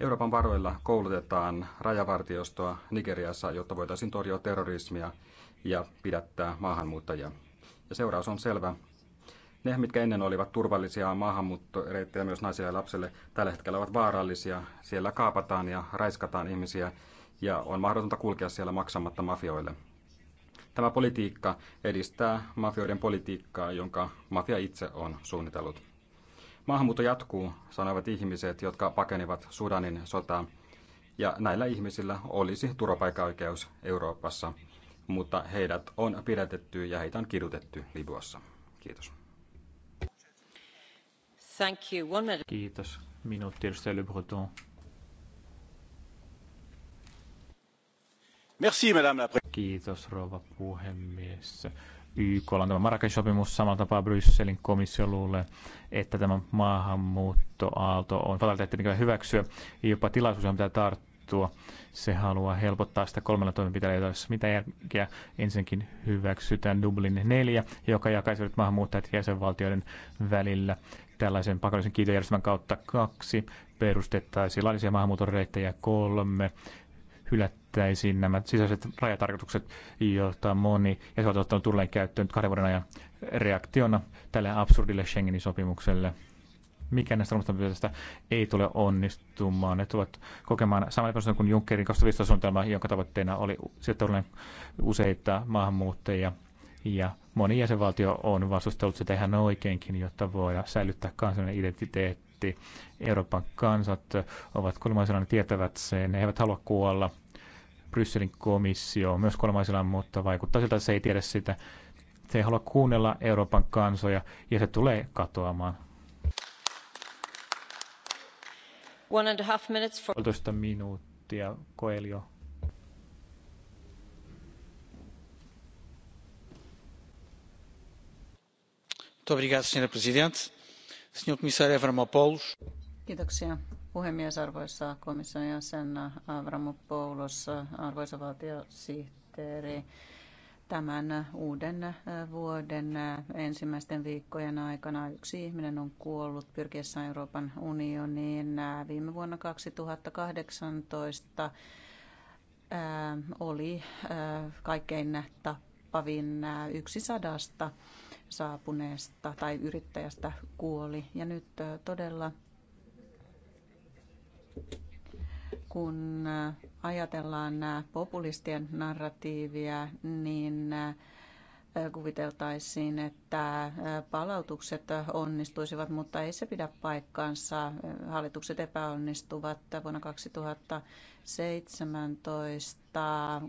Euroopan varoilla koulutetaan rajavartiostoa Nigeriassa, jotta voitaisiin torjua terrorismia ja pidättää maahanmuuttajia. Ja seuraus on selvä. Ne, mitkä ennen olivat turvallisia maahanmuuttoreittejä myös naisille ja lapsille, tällä hetkellä ovat vaarallisia. Siellä kaapataan ja raiskataan ihmisiä ja on mahdotonta kulkea siellä maksamatta mafioille. Tämä politiikka edistää mafioiden politiikkaa, jonka mafia itse on suunnitellut. Maahanmuutto jatkuu, sanoivat ihmiset, jotka pakenivat Sudanin sotaa. Ja näillä ihmisillä olisi turvapaikkaoikeus Euroopassa, mutta heidät on pidätetty ja heitä on kidutettu Libyassa. Kiitos. Thank you. One Kiitos. Minuutti, edustaja Le Breton. Merci, madame la Kiitos, rouva puhemies. YK on tämä marrakesh sopimus, samalla tapaa Brysselin komissio luulee, että tämä maahanmuuttoaalto on fataliteetti, mikä hyväksyä. Jopa tilaisuus on pitää tarttua. Se haluaa helpottaa sitä kolmella toimenpiteellä, olisi mitä järkeä ensinnäkin hyväksytään Dublin 4, joka jakaisi maahanmuuttajat jäsenvaltioiden välillä tällaisen pakollisen kiitojärjestelmän kautta kaksi, perustettaisiin laillisia maahanmuuton reittejä kolme, hylät pidettäisiin nämä sisäiset rajatarkoitukset, joita moni ja se on ottanut tulleen käyttöön kahden vuoden ajan reaktiona tälle absurdille Schengenin sopimukselle. Mikä näistä ilmastonmuutoksesta ei tule onnistumaan. Ne tulevat kokemaan saman epäonnistumisen kuin Junckerin 2015 suunnitelma, jonka tavoitteena oli sijoittaa useita maahanmuuttajia ja moni jäsenvaltio on vastustellut sitä ihan oikeinkin, jotta voidaan säilyttää kansallinen identiteetti. Euroopan kansat ovat kolmaisena tietävät sen, ne eivät halua kuolla Brysselin komissio on myös kolmaisella, mutta vaikuttaa siltä, että se ei tiedä sitä. Se ei halua kuunnella Euroopan kansoja ja se tulee katoamaan. One and a half minutes for... minuuttia, Koelio. Obrigado, senhora presidente. Senhor comissário Avramopoulos. Kiitoksia, puhemies, arvoissa komission jäsen Avramopoulos, arvoisa valtiosihteeri. Tämän uuden vuoden ensimmäisten viikkojen aikana yksi ihminen on kuollut pyrkiessään Euroopan unioniin. Viime vuonna 2018 oli kaikkein tappavin yksi sadasta saapuneesta tai yrittäjästä kuoli. Ja nyt todella kun ajatellaan populistien narratiivia, niin kuviteltaisiin, että palautukset onnistuisivat, mutta ei se pidä paikkaansa. Hallitukset epäonnistuvat vuonna 2017.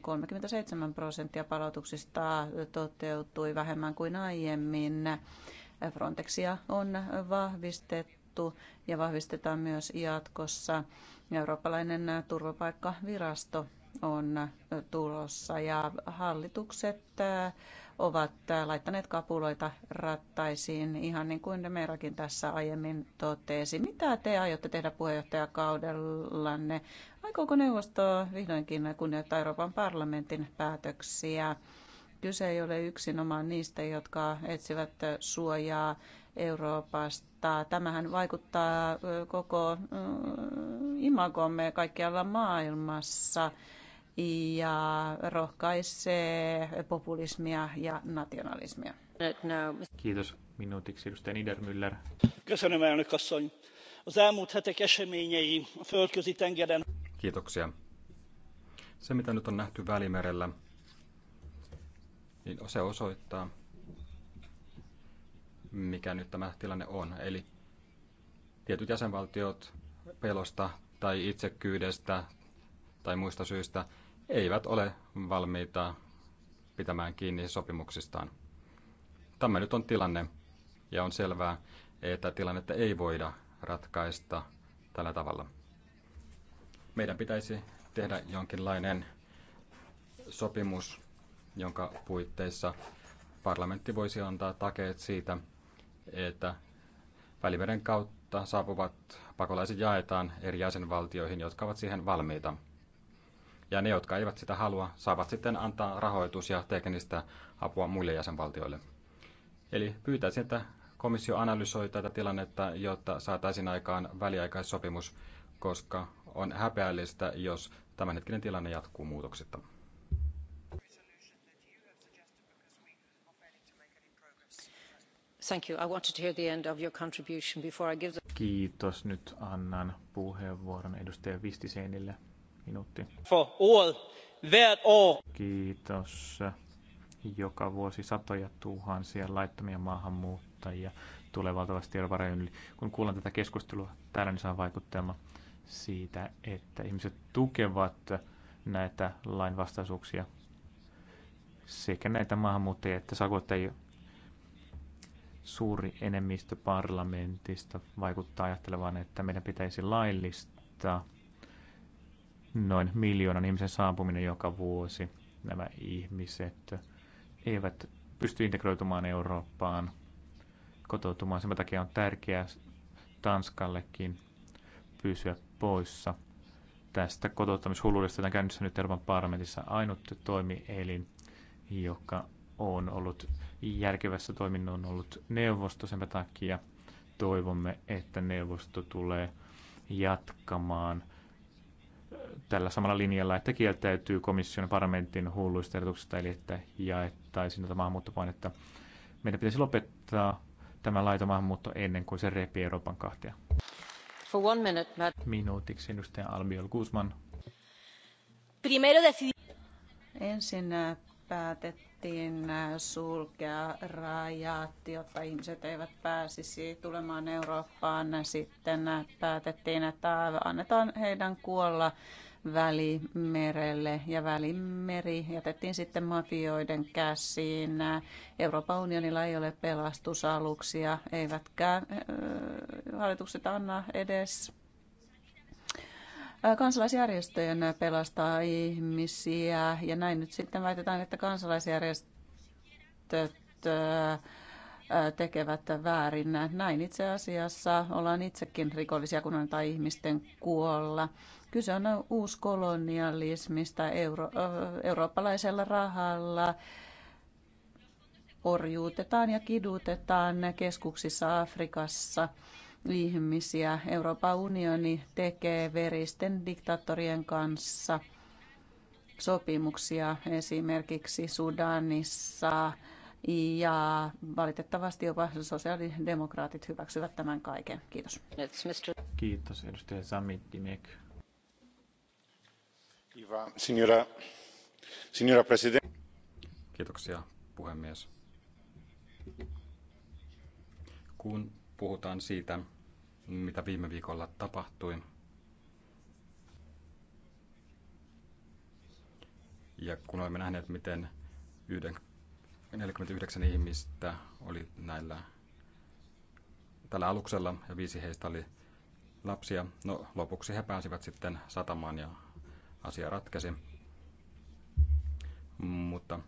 37 prosenttia palautuksista toteutui vähemmän kuin aiemmin. Frontexia on vahvistettu vahvistettu ja vahvistetaan myös jatkossa. Eurooppalainen turvapaikkavirasto on tulossa ja hallitukset äh, ovat äh, laittaneet kapuloita rattaisiin, ihan niin kuin Meerakin tässä aiemmin totesi. Mitä te aiotte tehdä puheenjohtajakaudellanne? Aikooko neuvosto vihdoinkin kunnioittaa Euroopan parlamentin päätöksiä? Kyse ei ole yksinomaan niistä, jotka etsivät suojaa Euroopasta vaikuttaa. Tämähän vaikuttaa koko imagomme kaikkialla maailmassa ja rohkaisee populismia ja nationalismia. Kiitos minuutiksi edustaja Niedermüller. Köszönöm, elnök Az elmúlt hetek eseményei a földközi tengeren. Kiitoksia. Se, mitä nyt on nähty Välimerellä, niin se osoittaa, mikä nyt tämä tilanne on. Eli tietyt jäsenvaltiot pelosta tai itsekkyydestä tai muista syistä eivät ole valmiita pitämään kiinni sopimuksistaan. Tämä nyt on tilanne ja on selvää, että tilannetta ei voida ratkaista tällä tavalla. Meidän pitäisi tehdä jonkinlainen sopimus, jonka puitteissa parlamentti voisi antaa takeet siitä, että Välimeren kautta saapuvat pakolaiset jaetaan eri jäsenvaltioihin, jotka ovat siihen valmiita. Ja ne, jotka eivät sitä halua, saavat sitten antaa rahoitus- ja teknistä apua muille jäsenvaltioille. Eli pyytäisin, että komissio analysoi tätä tilannetta, jotta saataisiin aikaan väliaikaissopimus, koska on häpeällistä, jos tämänhetkinen tilanne jatkuu muutoksetta. Kiitos. Nyt annan puheenvuoron edustaja Vistiseinille. Minuutti. For all that all. Kiitos. Joka vuosi satoja tuhansia laittomia maahanmuuttajia tulee valtavasti Euroopan yli. Kun kuulan tätä keskustelua, täällä niin saa vaikuttelma siitä, että ihmiset tukevat näitä lainvastaisuuksia sekä näitä maahanmuuttajia että sakottajia suuri enemmistö parlamentista vaikuttaa ajattelevan, että meidän pitäisi laillistaa noin miljoonan ihmisen saapuminen joka vuosi. Nämä ihmiset eivät pysty integroitumaan Eurooppaan, kotoutumaan. Sen takia on tärkeää Tanskallekin pysyä poissa tästä kotouttamishulludesta, jota käynnissä nyt Euroopan parlamentissa ainut toimielin, joka on ollut järkevässä toiminnon on ollut neuvosto. Sen takia toivomme, että neuvosto tulee jatkamaan äh, tällä samalla linjalla, että kieltäytyy komission parlamentin hulluista erotuksista, eli että jaettaisiin tätä maahanmuuttopainetta. Meidän pitäisi lopettaa tämä laito maahanmuutto ennen kuin se repii Euroopan kahtia. For one minute, Matt. Minuutiksi edustaja Albiol Guzman. Primero Ensin äh, päätettiin päätettiin äh, sulkea rajat, jotta ihmiset eivät pääsisi tulemaan Eurooppaan. Sitten äh, päätettiin, että annetaan heidän kuolla Välimerelle ja Välimeri jätettiin sitten mafioiden käsiin. Euroopan unionilla ei ole pelastusaluksia, eivätkä äh, hallitukset anna edes kansalaisjärjestöjen pelastaa ihmisiä. Ja näin nyt sitten väitetään, että kansalaisjärjestöt tekevät väärin. Näin itse asiassa ollaan itsekin rikollisia, kun annetaan ihmisten kuolla. Kyse on uuskolonialismista euro, eurooppalaisella rahalla. Orjuutetaan ja kidutetaan keskuksissa Afrikassa ihmisiä. Euroopan unioni tekee veristen diktaattorien kanssa sopimuksia esimerkiksi Sudanissa ja valitettavasti jopa sosiaalidemokraatit hyväksyvät tämän kaiken. Kiitos. Kiitos edustaja Sami Dimek. president. Kiitoksia puhemies. Kun puhutaan siitä, mitä viime viikolla tapahtui. Ja kun olemme nähneet, miten 49 ihmistä oli näillä tällä aluksella ja viisi heistä oli lapsia. No, lopuksi he pääsivät sitten satamaan ja asia ratkesi. Mutta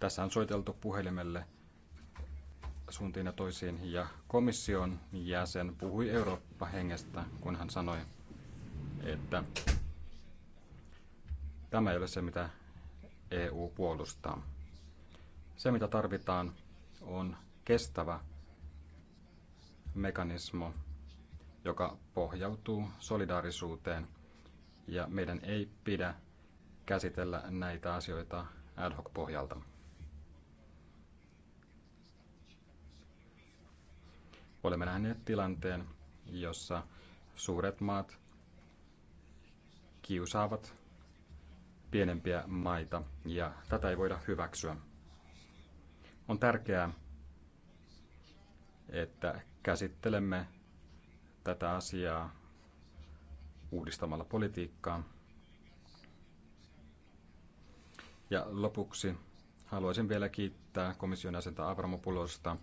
tässä on soiteltu puhelimelle – suuntiin ja toisiin, ja komission jäsen puhui Eurooppa-hengestä, kun hän sanoi, että tämä ei ole se, mitä EU puolustaa. Se, mitä tarvitaan, on kestävä mekanismo, joka pohjautuu solidaarisuuteen, ja meidän ei pidä käsitellä näitä asioita ad hoc pohjalta. olemme nähneet tilanteen, jossa suuret maat kiusaavat pienempiä maita, ja tätä ei voida hyväksyä. On tärkeää, että käsittelemme tätä asiaa uudistamalla politiikkaa. Ja lopuksi haluaisin vielä kiittää komission jäsentä Avramopulosta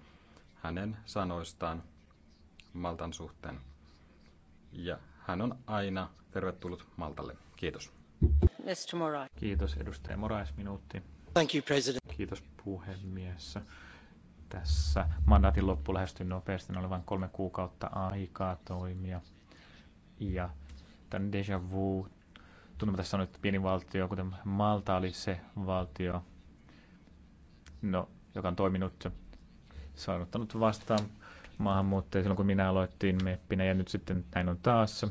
hänen sanoistaan Maltan suhteen. Ja hän on aina tervetullut Maltalle. Kiitos. Mr. Morais. Kiitos edustaja Morais, minuutti. Thank you, President. Kiitos puhemies. Tässä mandaatin loppu lähestyy nopeasti, ne oli vain kolme kuukautta aikaa toimia. Ja tämän deja vu tunnelma tässä on nyt pieni valtio, kuten Malta oli se valtio, no, joka on toiminut saanuttanut vastaan maahanmuuttajia silloin, kun minä aloittiin meppinä ja nyt sitten näin on taas.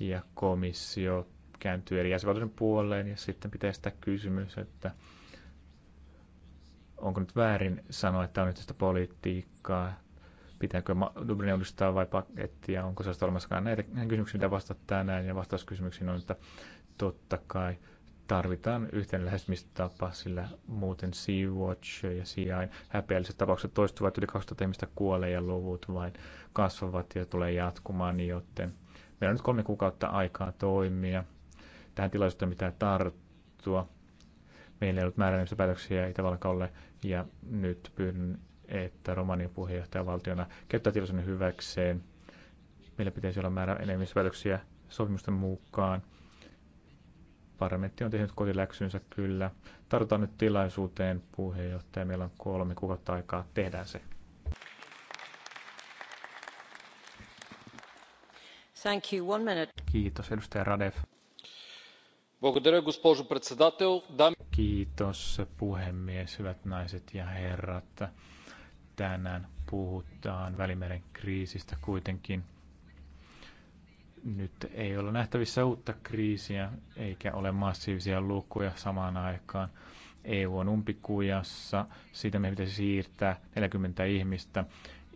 Ja komissio kääntyy eri jäsenvaltioiden puoleen ja sitten pitää sitä kysymys, että onko nyt väärin sanoa, että on yhteistä politiikkaa, pitääkö Dublin uudistaa vai pakettia, onko sellaista olemassakaan näitä kysymyksiä, mitä vastat tänään, ja vastauskysymyksiin on, että totta kai tarvitaan yhteinen lähestymistapa, sillä muuten Sea-Watch ja CI häpeälliset tapaukset toistuvat, yli 2000 ihmistä kuolee ja luvut vain kasvavat ja tulee jatkumaan, joten meillä on nyt kolme kuukautta aikaa toimia. Tähän tilaisuuteen pitää tarttua. Meillä ei ollut määrännöistä päätöksiä Itävalkalle ja nyt pyydän, että Romanian puheenjohtajavaltiona käyttää tilaisuuden hyväkseen. Meillä pitäisi olla määrä enemmistöpäätöksiä sopimusten mukaan Parlamentti on tehnyt kotiläksynsä kyllä. Tartutaan nyt tilaisuuteen puheenjohtaja. Meillä on kolme kuukautta aikaa. Tehdään se. Thank you. One minute. Kiitos, edustaja Radev. Kiitos puhemies, hyvät naiset ja herrat. Tänään puhutaan Välimeren kriisistä kuitenkin nyt ei ole nähtävissä uutta kriisiä eikä ole massiivisia lukuja samaan aikaan. EU on umpikujassa, siitä me pitäisi siirtää 40 ihmistä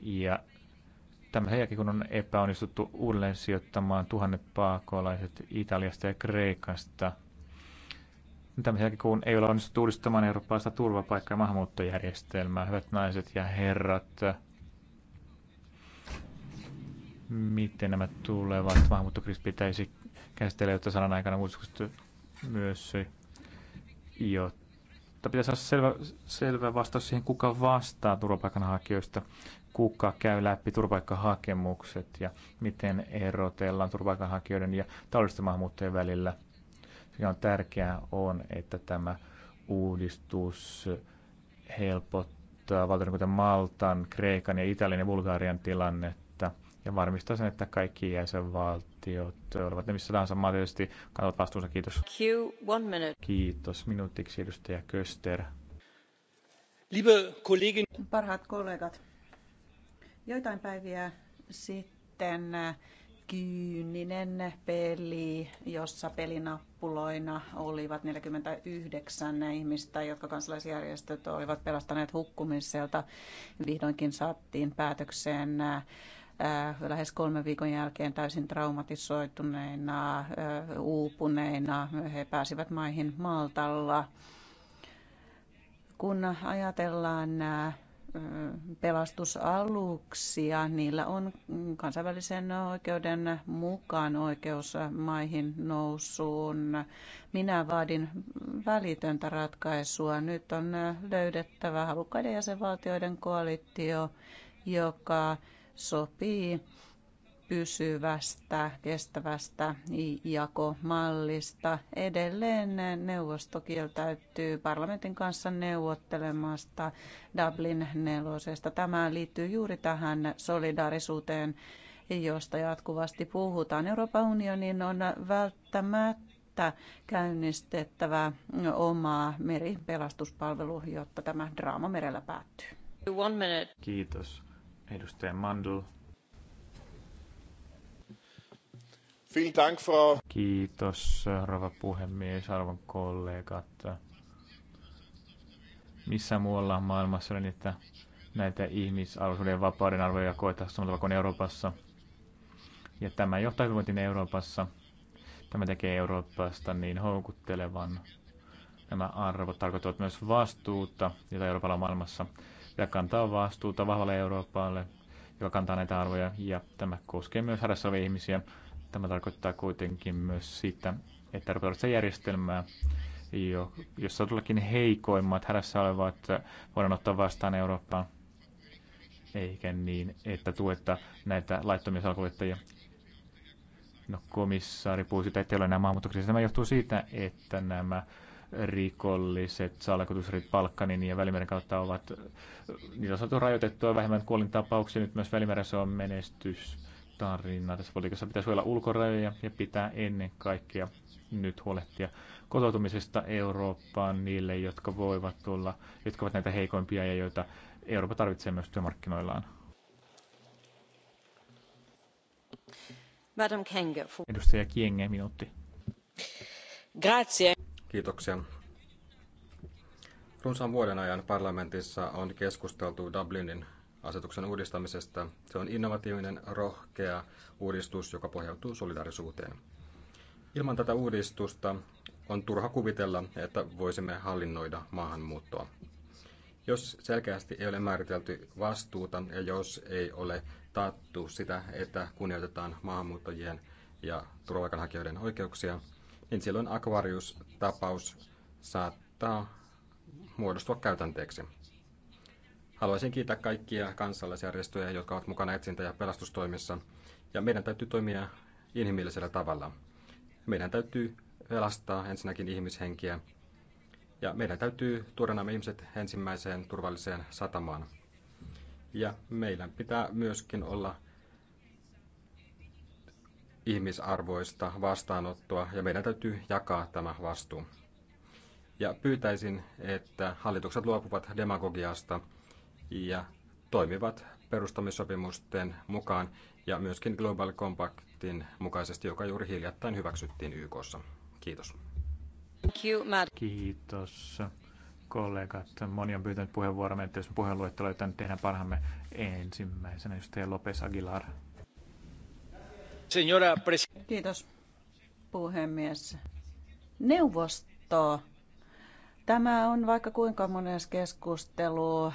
ja tämän jälkeen kun on epäonnistuttu uudelleen sijoittamaan tuhannet paakolaiset Italiasta ja Kreikasta, tämän jälkeen kun ei ole onnistuttu uudistamaan eurooppalaista turvapaikka- ja maahanmuuttojärjestelmää, hyvät naiset ja herrat, miten nämä tulevat maahanmuuttokriisit pitäisi käsitellä, jotta sanan aikana uudistukset myös, jotta pitäisi olla selvä, selvä vastaus siihen, kuka vastaa turvapaikanhakijoista, kuka käy läpi turvapaikkahakemukset ja miten erotellaan turvapaikanhakijoiden ja taloudellisten maahanmuuttajien välillä. Mikä on tärkeää on, että tämä uudistus helpottaa valtioiden kuten Maltan, Kreikan ja Italian ja Bulgarian tilannetta ja varmistaa sen, että kaikki jäsenvaltiot olivat ne missä tahansa maa tietysti kantavat vastuunsa. Kiitos. Q, one minute. Kiitos. Minuutiksi edustaja Köster. Liebe Kollegin. Parhaat kollegat, joitain päiviä sitten kyyninen peli, jossa pelinappuloina olivat 49 ihmistä, jotka kansalaisjärjestöt olivat pelastaneet hukkumiselta. Vihdoinkin saattiin päätökseen lähes kolmen viikon jälkeen täysin traumatisoituneina, uupuneina. He pääsivät maihin Maltalla. Kun ajatellaan pelastusaluksia, niillä on kansainvälisen oikeuden mukaan oikeus maihin nousuun. Minä vaadin välitöntä ratkaisua. Nyt on löydettävä halukkaiden jäsenvaltioiden koalitio, joka sopii pysyvästä, kestävästä jakomallista. Edelleen neuvosto kieltäytyy parlamentin kanssa neuvottelemasta Dublin nelosesta. Tämä liittyy juuri tähän solidaarisuuteen, josta jatkuvasti puhutaan. Euroopan unionin on välttämättä käynnistettävä omaa meripelastuspalvelu, jotta tämä draama merellä päättyy. Kiitos. Edustaja Mandl. Kiitos, rouva puhemies, arvon kollegat. Missä muualla maailmassa on että näitä ihmisarvoisuuden ja vapauden arvoja koetaan samalla tavalla kuin Euroopassa. Ja tämä johtaa hyvinvointiin Euroopassa. Tämä tekee Euroopasta niin houkuttelevan. Nämä arvot tarkoittavat myös vastuuta, jota Euroopalla on maailmassa ja kantaa vastuuta vahvalle Euroopalle, joka kantaa näitä arvoja ja tämä koskee myös hädässä olevia ihmisiä. Tämä tarkoittaa kuitenkin myös sitä, että tarkoittaa järjestelmää, jo, jossa todellakin heikoimmat hädässä olevat voidaan ottaa vastaan Eurooppaan, eikä niin, että tuetta näitä laittomia salkuljettajia. No komissaari puhui sitä, että ei ole enää maahanmuuttokriisiä. Tämä johtuu siitä, että nämä rikolliset salakutusrit Balkanin ja Välimeren kautta ovat, niitä on saatu rajoitettua vähemmän tapauksia. Nyt myös Välimeressä on tarina. Tässä politiikassa pitää suojella ulkorajoja ja pitää ennen kaikkea nyt huolehtia kotoutumisesta Eurooppaan niille, jotka voivat tulla, jotka ovat näitä heikoimpia ja joita Eurooppa tarvitsee myös työmarkkinoillaan. Madam Kenge. Edustaja Kienge, minuutti. Grazie. Kiitoksia. Runsaan vuoden ajan parlamentissa on keskusteltu Dublinin asetuksen uudistamisesta. Se on innovatiivinen, rohkea uudistus, joka pohjautuu solidaarisuuteen. Ilman tätä uudistusta on turha kuvitella, että voisimme hallinnoida maahanmuuttoa. Jos selkeästi ei ole määritelty vastuuta ja jos ei ole taattu sitä, että kunnioitetaan maahanmuuttajien ja turvapaikanhakijoiden oikeuksia, niin silloin Aquarius-tapaus saattaa muodostua käytänteeksi. Haluaisin kiittää kaikkia kansalaisjärjestöjä, jotka ovat mukana etsintä- ja pelastustoimissa, ja meidän täytyy toimia inhimillisellä tavalla. Meidän täytyy pelastaa ensinnäkin ihmishenkiä, ja meidän täytyy tuoda nämä ihmiset ensimmäiseen turvalliseen satamaan. Ja meillä pitää myöskin olla ihmisarvoista vastaanottoa ja meidän täytyy jakaa tämä vastuu. Ja pyytäisin, että hallitukset luopuvat demagogiasta ja toimivat perustamissopimusten mukaan ja myöskin Global Compactin mukaisesti, joka juuri hiljattain hyväksyttiin YKssa. Kiitos. Kiitos kollegat. Moni on pyytänyt puheenvuoroa, että jos puheenluettelo, tehdään parhaamme ensimmäisenä, just Lopes Aguilar arvoisa Kiitos puhemies. Neuvosto. Tämä on vaikka kuinka monessa keskustelu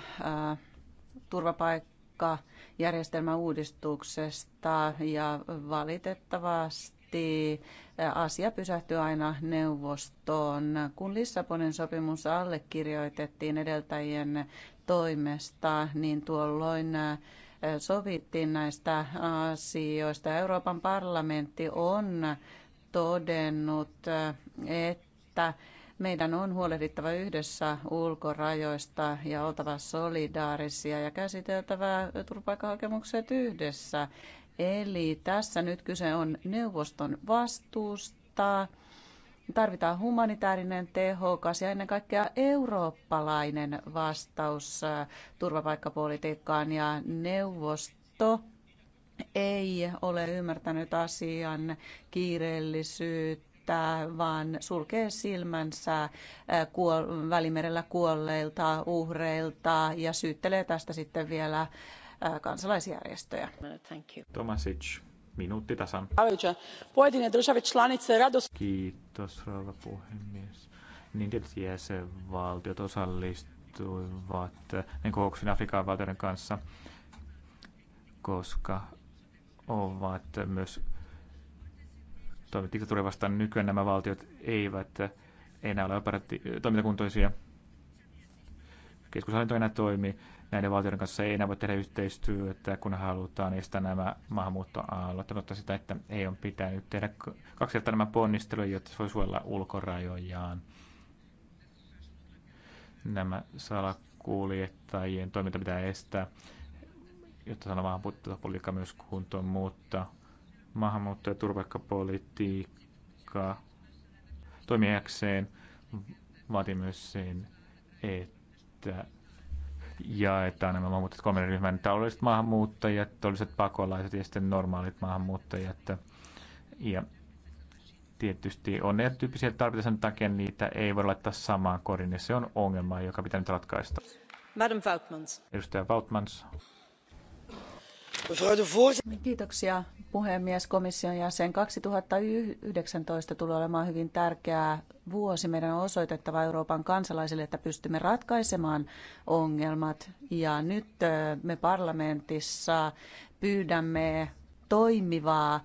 turvapaikkajärjestelmän uudistuksesta ja valitettavasti asia pysähtyy aina neuvostoon. Kun Lissabonin sopimus allekirjoitettiin edeltäjien toimesta, niin tuolloin sovittiin näistä asioista. Euroopan parlamentti on todennut, että meidän on huolehdittava yhdessä ulkorajoista ja oltava solidaarisia ja käsiteltävä turvapaikkahakemukset yhdessä. Eli tässä nyt kyse on neuvoston vastuusta Tarvitaan humanitaarinen, tehokas ja ennen kaikkea eurooppalainen vastaus äh, turvapaikkapolitiikkaan ja neuvosto ei ole ymmärtänyt asian kiireellisyyttä vaan sulkee silmänsä äh, kuol- välimerellä kuolleilta uhreilta ja syyttelee tästä sitten vielä äh, kansalaisjärjestöjä. Tomasic minuutti tasan. Pojedine države članice rado... Kiitos, rouva puhemies. Niin tietysti jäsenvaltiot osallistuivat niin kokouksiin Afrikan valtioiden kanssa, koska ovat myös toimivat diktatuuria vastaan. Nykyään nämä valtiot eivät enää ole operati- toimintakuntoisia. Keskushallinto enää toimii näiden valtioiden kanssa ei enää voi tehdä yhteistyötä, kun halutaan estää nämä maahanmuuttoaallot. Tarkoittaa sitä, että ei on pitänyt tehdä kaksi kertaa nämä ponnisteluja, jotta se voi suojella ulkorajojaan. Nämä salakuljettajien toiminta pitää estää, jotta saadaan maahanmuuttopolitiikka myös kuntoon, mutta maahanmuutto- ja turvapaikkapolitiikka toimijakseen vaatii myös sen, että jaetaan nämä maahanmuuttajat kolmen ryhmän taloudelliset maahanmuuttajat, taloudelliset pakolaiset ja sitten normaalit maahanmuuttajat. Ja tietysti on tyyppisiä tarpeita sen takia, niitä ei voi laittaa samaan korin ja se on ongelma, joka pitää nyt ratkaista. Madam Vautmans. Edustaja Vautmans. Niin, kiitoksia puhemies komission jäsen. 2019 tulee olemaan hyvin tärkeä vuosi. Meidän on osoitettava Euroopan kansalaisille, että pystymme ratkaisemaan ongelmat. Ja nyt me parlamentissa pyydämme toimivaa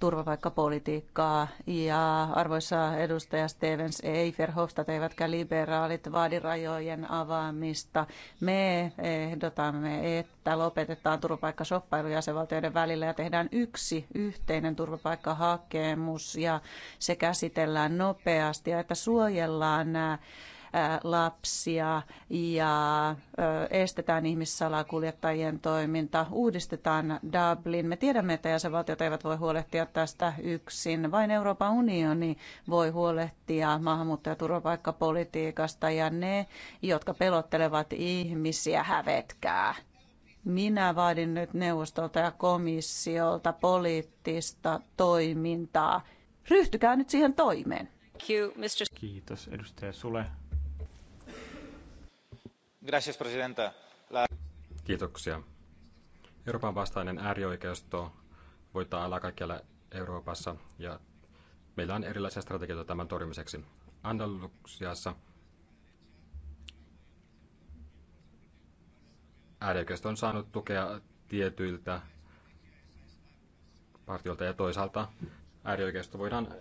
turvapaikkapolitiikkaa. Ja arvoisa edustaja Stevens, ei Verhofstadt eivätkä liberaalit vaadi rajojen avaamista. Me ehdotamme, että lopetetaan turvapaikkashoppailu jäsenvaltioiden välillä ja tehdään yksi yhteinen turvapaikkahakemus ja se käsitellään nopeasti ja että suojellaan nämä lapsia ja estetään ihmissalakuljettajien toiminta, uudistetaan Dublin. Me tiedämme, että jäsenvaltiot eivät voi huolehtia tästä yksin. Vain Euroopan unioni voi huolehtia maahanmuutto- ja turvapaikkapolitiikasta ja ne, jotka pelottelevat ihmisiä, hävetkää. Minä vaadin nyt neuvostolta ja komissiolta poliittista toimintaa. Ryhtykää nyt siihen toimeen. Kiitos edustaja Sule. Gracias, presidenta. La... Kiitoksia. Euroopan vastainen äärioikeisto voittaa ala kaikkialla Euroopassa ja meillä on erilaisia strategioita tämän torjumiseksi. Andalusiassa äärioikeisto on saanut tukea tietyiltä partioilta ja toisaalta äärioikeisto voidaan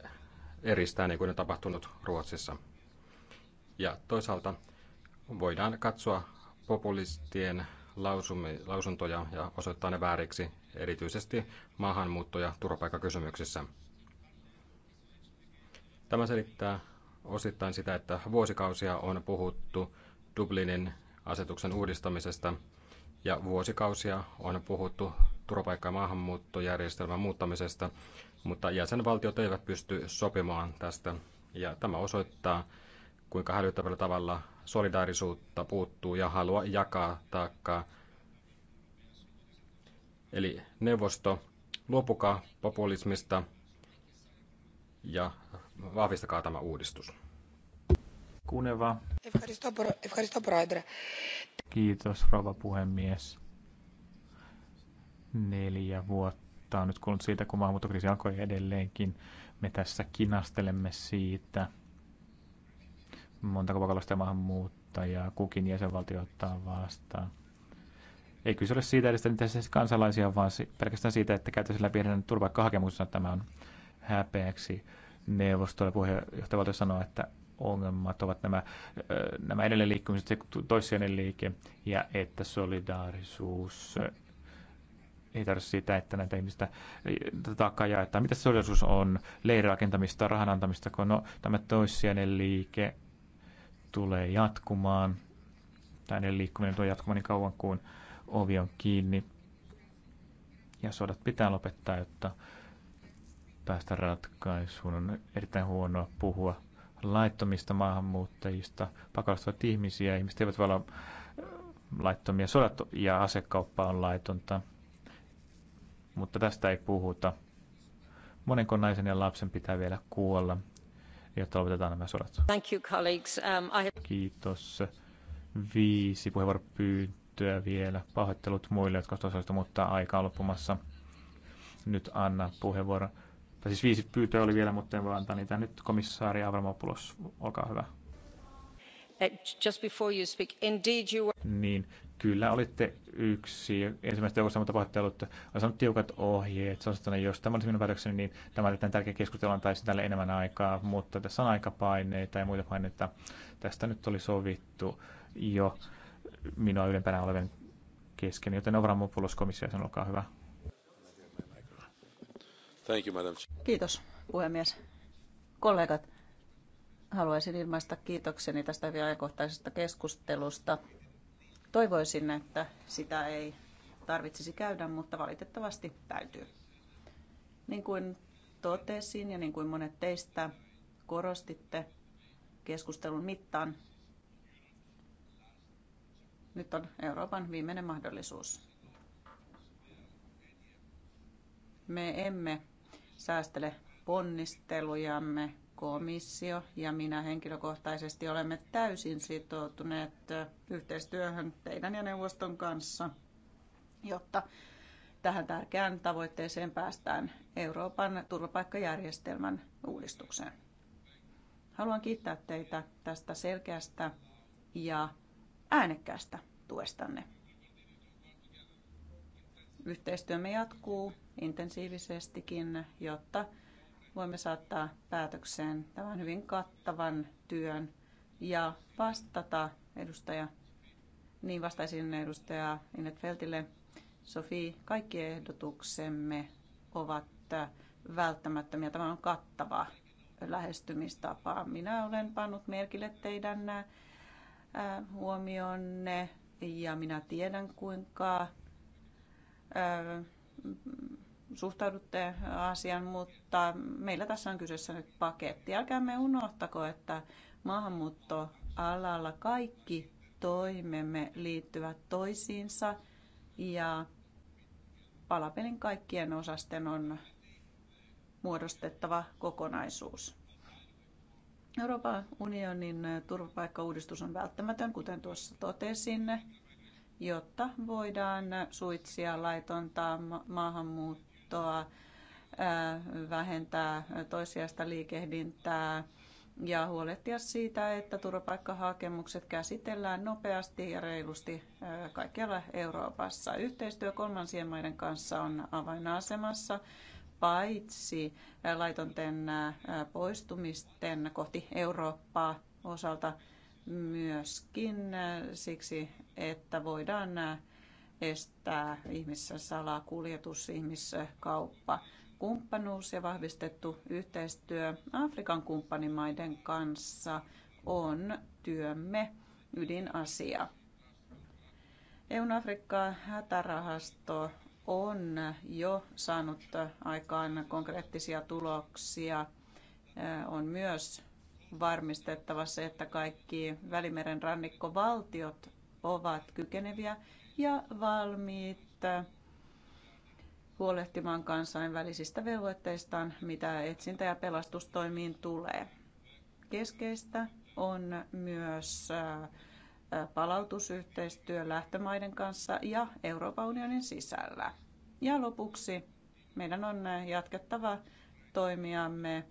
eristää niin kuin on tapahtunut Ruotsissa. Ja toisaalta voidaan katsoa populistien lausuntoja ja osoittaa ne vääriksi, erityisesti maahanmuutto- ja turvapaikkakysymyksissä. Tämä selittää osittain sitä, että vuosikausia on puhuttu Dublinin asetuksen uudistamisesta ja vuosikausia on puhuttu turvapaikka- ja maahanmuuttojärjestelmän muuttamisesta, mutta jäsenvaltiot eivät pysty sopimaan tästä ja tämä osoittaa, kuinka hälyttävällä tavalla solidaarisuutta puuttuu ja halua jakaa taakkaa. Eli neuvosto, luopukaa populismista ja vahvistakaa tämä uudistus. Kuuneva. Kiitos, rouva puhemies. Neljä vuotta on nyt kulunut siitä, kun maahanmuuttokriisi alkoi edelleenkin. Me tässä kinastelemme siitä, montako pakolaista ja maahanmuuttajaa kukin jäsenvaltio ottaa vastaan. Ei kyse ole siitä edes niitä siis kansalaisia, vaan pelkästään siitä, että käytäisiin läpi heidän turvapaikkahakemuksensa. Tämä on häpeäksi. Neuvostolle puheenjohtajavaltio sanoo, että ongelmat ovat nämä, nämä edelleen liikkumiset, se toissijainen liike, ja että solidaarisuus ei tarvitse sitä, että näitä ihmistä taakkaa jaetaan. Mitä solidaarisuus on? Leirirakentamista, rahan antamista, kun no, tämä toissijainen liike tulee jatkumaan, Tänne liikkuminen tulee jatkumaan niin kauan kuin ovi on kiinni. Ja sodat pitää lopettaa, jotta päästä ratkaisuun. On erittäin huonoa puhua laittomista maahanmuuttajista. Pakolaiset ihmisiä, ihmiset eivät voi olla äh, laittomia. Sodat ja asekauppa on laitonta, mutta tästä ei puhuta. Monenko naisen ja lapsen pitää vielä kuolla, ja toivotetaan nämä sodat. Thank you, colleagues. Um, I... Kiitos. Viisi puheenvuoropyyntöä vielä. Pahoittelut muille, jotka osallistuivat, mutta aika on loppumassa. Nyt anna puheenvuoro. Tai siis viisi pyyntöä oli vielä, mutta en voi antaa niitä. Nyt komissaari Avramopoulos, olkaa hyvä. Uh, just before you speak, indeed you were niin kyllä olitte yksi ensimmäistä joukossa, mutta voitte ollut, on saanut tiukat ohjeet. Se on sitten, jos tämä olisi minun päätökseni, niin tämä on tärkeä keskustelu, antaisi tälle enemmän aikaa, mutta tässä on aikapaineita ja muita paineita. Tästä nyt oli sovittu jo minua ylempänä olevan kesken, joten Ovramopoulos komissio, sen olkaa hyvä. Thank you, madam. Kiitos, puhemies. Kollegat, haluaisin ilmaista kiitokseni tästä hyvin ajankohtaisesta keskustelusta. Toivoisin, että sitä ei tarvitsisi käydä, mutta valitettavasti täytyy. Niin kuin totesin ja niin kuin monet teistä korostitte keskustelun mittaan, nyt on Euroopan viimeinen mahdollisuus. Me emme säästele ponnistelujamme komissio ja minä henkilökohtaisesti olemme täysin sitoutuneet yhteistyöhön teidän ja neuvoston kanssa, jotta tähän tärkeään tavoitteeseen päästään Euroopan turvapaikkajärjestelmän uudistukseen. Haluan kiittää teitä tästä selkeästä ja äänekkäästä tuestanne. Yhteistyömme jatkuu intensiivisestikin, jotta voimme saattaa päätökseen tämän hyvin kattavan työn ja vastata edustaja, niin vastaisin edustaja Innetfeltille, Sofi, kaikki ehdotuksemme ovat välttämättömiä. Tämä on kattava lähestymistapa. Minä olen pannut merkille teidän äh, huomionne ja minä tiedän kuinka äh, suhtaudutte asiaan, mutta meillä tässä on kyseessä nyt paketti. Älkäämme unohtako, että maahanmuuttoalalla kaikki toimemme liittyvät toisiinsa ja palapelin kaikkien osasten on muodostettava kokonaisuus. Euroopan unionin turvapaikkauudistus on välttämätön, kuten tuossa totesin, jotta voidaan suitsia laitonta maahanmuuttoa velanottoa, vähentää toisiasta liikehdintää ja huolehtia siitä, että turvapaikkahakemukset käsitellään nopeasti ja reilusti kaikkialla Euroopassa. Yhteistyö kolmansien maiden kanssa on avainasemassa paitsi laitonten poistumisten kohti Eurooppaa osalta myöskin siksi, että voidaan estää salakuljetus, ihmiskauppa, kumppanuus ja vahvistettu yhteistyö Afrikan kumppanimaiden kanssa on työmme ydinasia. EUn Afrikka hätärahasto on jo saanut aikaan konkreettisia tuloksia. On myös varmistettava se, että kaikki Välimeren rannikkovaltiot ovat kykeneviä ja valmiit huolehtimaan kansainvälisistä velvoitteistaan, mitä etsintä- ja pelastustoimiin tulee. Keskeistä on myös palautusyhteistyö lähtömaiden kanssa ja Euroopan unionin sisällä. Ja lopuksi meidän on jatkettava toimiamme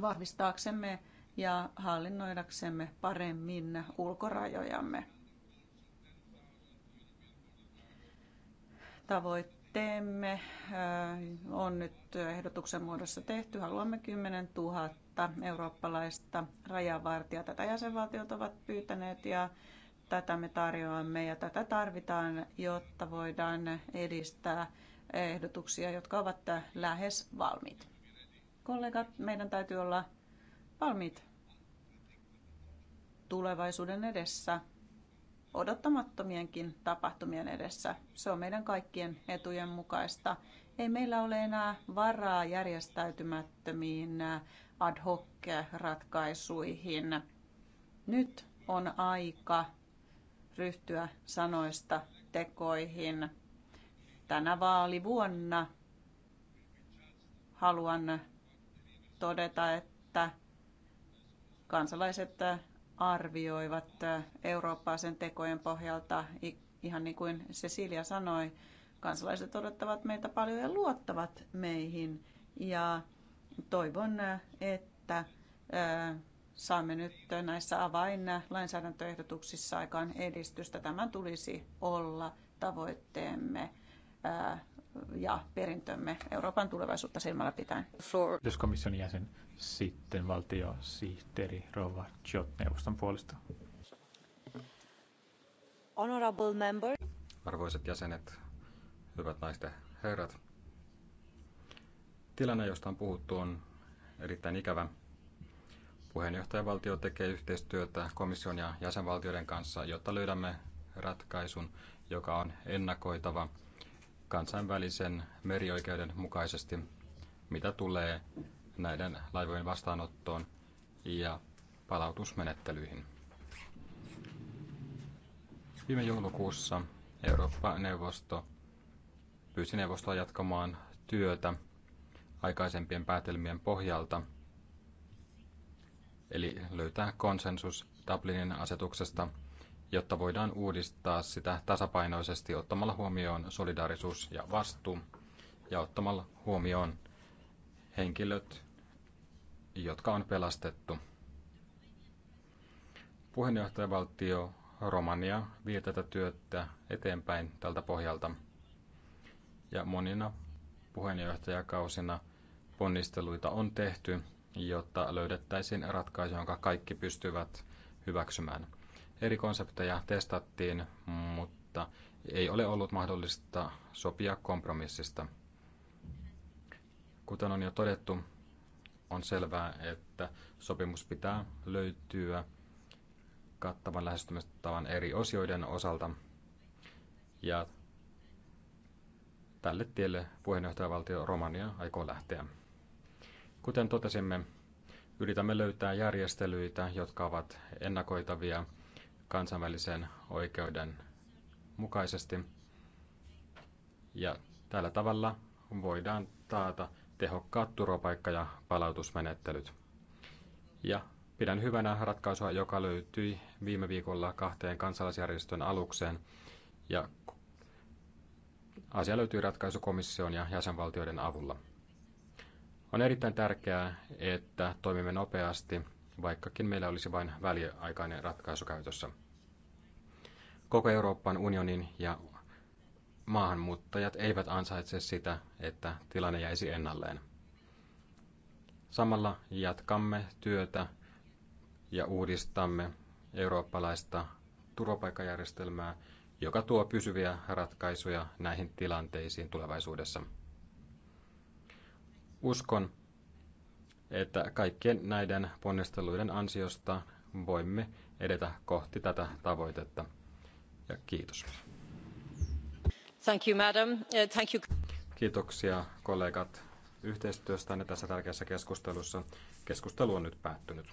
vahvistaaksemme ja hallinnoidaksemme paremmin ulkorajojamme. Tavoitteemme äh, on nyt ehdotuksen muodossa tehty. Haluamme 10 000 eurooppalaista rajavartijaa. Tätä jäsenvaltiot ovat pyytäneet ja tätä me tarjoamme ja tätä tarvitaan, jotta voidaan edistää ehdotuksia, jotka ovat lähes valmiit. Kollegat, meidän täytyy olla valmiit tulevaisuuden edessä odottamattomienkin tapahtumien edessä. Se on meidän kaikkien etujen mukaista. Ei meillä ole enää varaa järjestäytymättömiin äh, ad hoc äh, ratkaisuihin. Nyt on aika ryhtyä sanoista tekoihin. Tänä vaalivuonna haluan todeta, että kansalaiset äh, arvioivat äh, Eurooppaa sen tekojen pohjalta, ihan niin kuin Cecilia sanoi, kansalaiset odottavat meitä paljon ja luottavat meihin. Ja toivon, äh, että äh, saamme nyt näissä avain lainsäädäntöehdotuksissa aikaan edistystä. Tämän tulisi olla tavoitteemme ja perintömme Euroopan tulevaisuutta silmällä pitäen. Jos komission jäsen sitten valtiosihteeri Rova Jot neuvoston puolesta. Honorable member. Arvoisat jäsenet, hyvät naiset ja herrat. Tilanne, josta on puhuttu, on erittäin ikävä. Puheenjohtajavaltio tekee yhteistyötä komission ja jäsenvaltioiden kanssa, jotta löydämme ratkaisun, joka on ennakoitava – kansainvälisen merioikeuden mukaisesti, mitä tulee näiden laivojen vastaanottoon ja palautusmenettelyihin. Viime joulukuussa Eurooppa-neuvosto pyysi neuvostoa jatkamaan työtä aikaisempien päätelmien pohjalta, eli löytää konsensus Dublinin asetuksesta – jotta voidaan uudistaa sitä tasapainoisesti ottamalla huomioon solidaarisuus ja vastuu ja ottamalla huomioon henkilöt, jotka on pelastettu. Puheenjohtajavaltio Romania vie tätä työtä eteenpäin tältä pohjalta. Ja monina puheenjohtajakausina ponnisteluita on tehty, jotta löydettäisiin ratkaisu, jonka kaikki pystyvät hyväksymään – eri konsepteja testattiin, mutta ei ole ollut mahdollista sopia kompromissista. Kuten on jo todettu, on selvää, että sopimus pitää löytyä kattavan lähestymistavan eri osioiden osalta. Ja tälle tielle puheenjohtajavaltio Romania aikoo lähteä. Kuten totesimme, yritämme löytää järjestelyitä, jotka ovat ennakoitavia kansainvälisen oikeuden mukaisesti. Ja tällä tavalla voidaan taata tehokkaat turvapaikka- ja palautusmenettelyt. Ja pidän hyvänä ratkaisua, joka löytyi viime viikolla kahteen kansalaisjärjestön alukseen. Ja asia löytyy ratkaisu komission ja jäsenvaltioiden avulla. On erittäin tärkeää, että toimimme nopeasti, vaikkakin meillä olisi vain väliaikainen ratkaisu käytössä koko Euroopan unionin ja maahanmuuttajat eivät ansaitse sitä, että tilanne jäisi ennalleen. Samalla jatkamme työtä ja uudistamme eurooppalaista turvapaikkajärjestelmää, joka tuo pysyviä ratkaisuja näihin tilanteisiin tulevaisuudessa. Uskon, että kaikkien näiden ponnisteluiden ansiosta voimme edetä kohti tätä tavoitetta kiitos. Thank you, madam. Uh, thank you. Kiitoksia kollegat yhteistyöstänne tässä tärkeässä keskustelussa. Keskustelu on nyt päättynyt.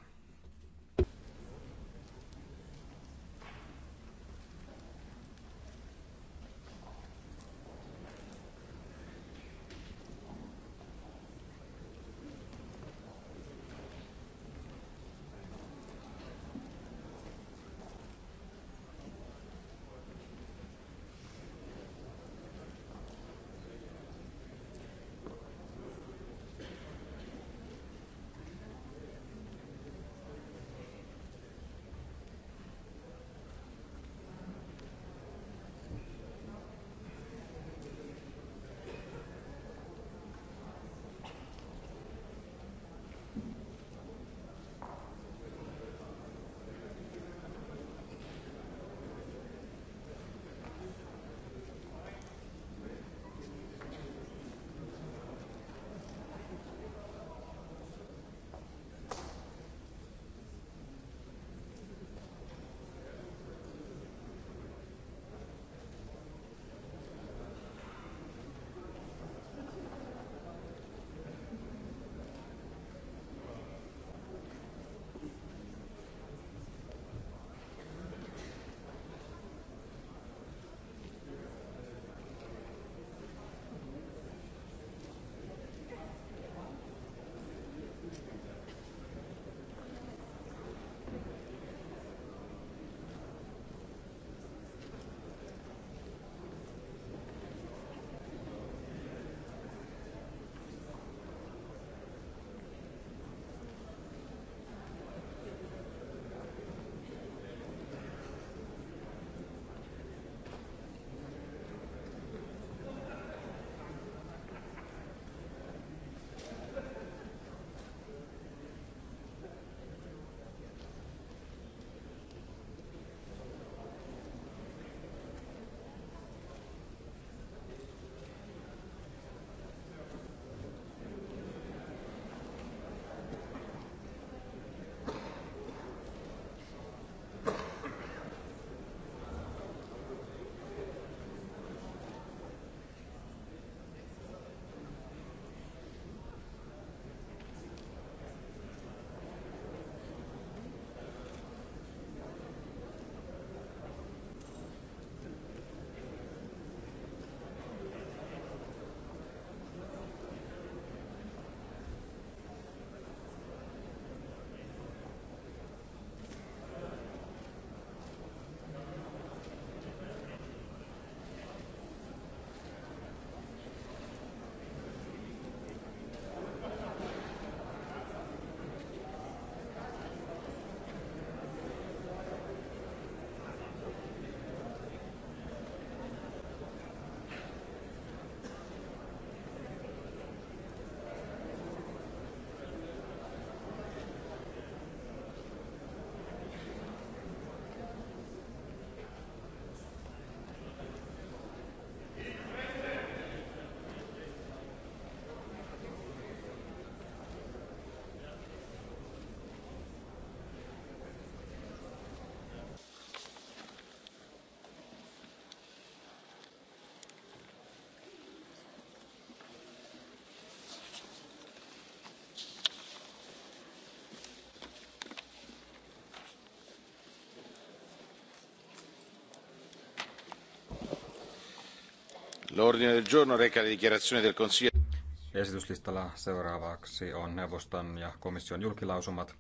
Esityslistalla seuraavaksi on neuvoston ja komission julkilausumat,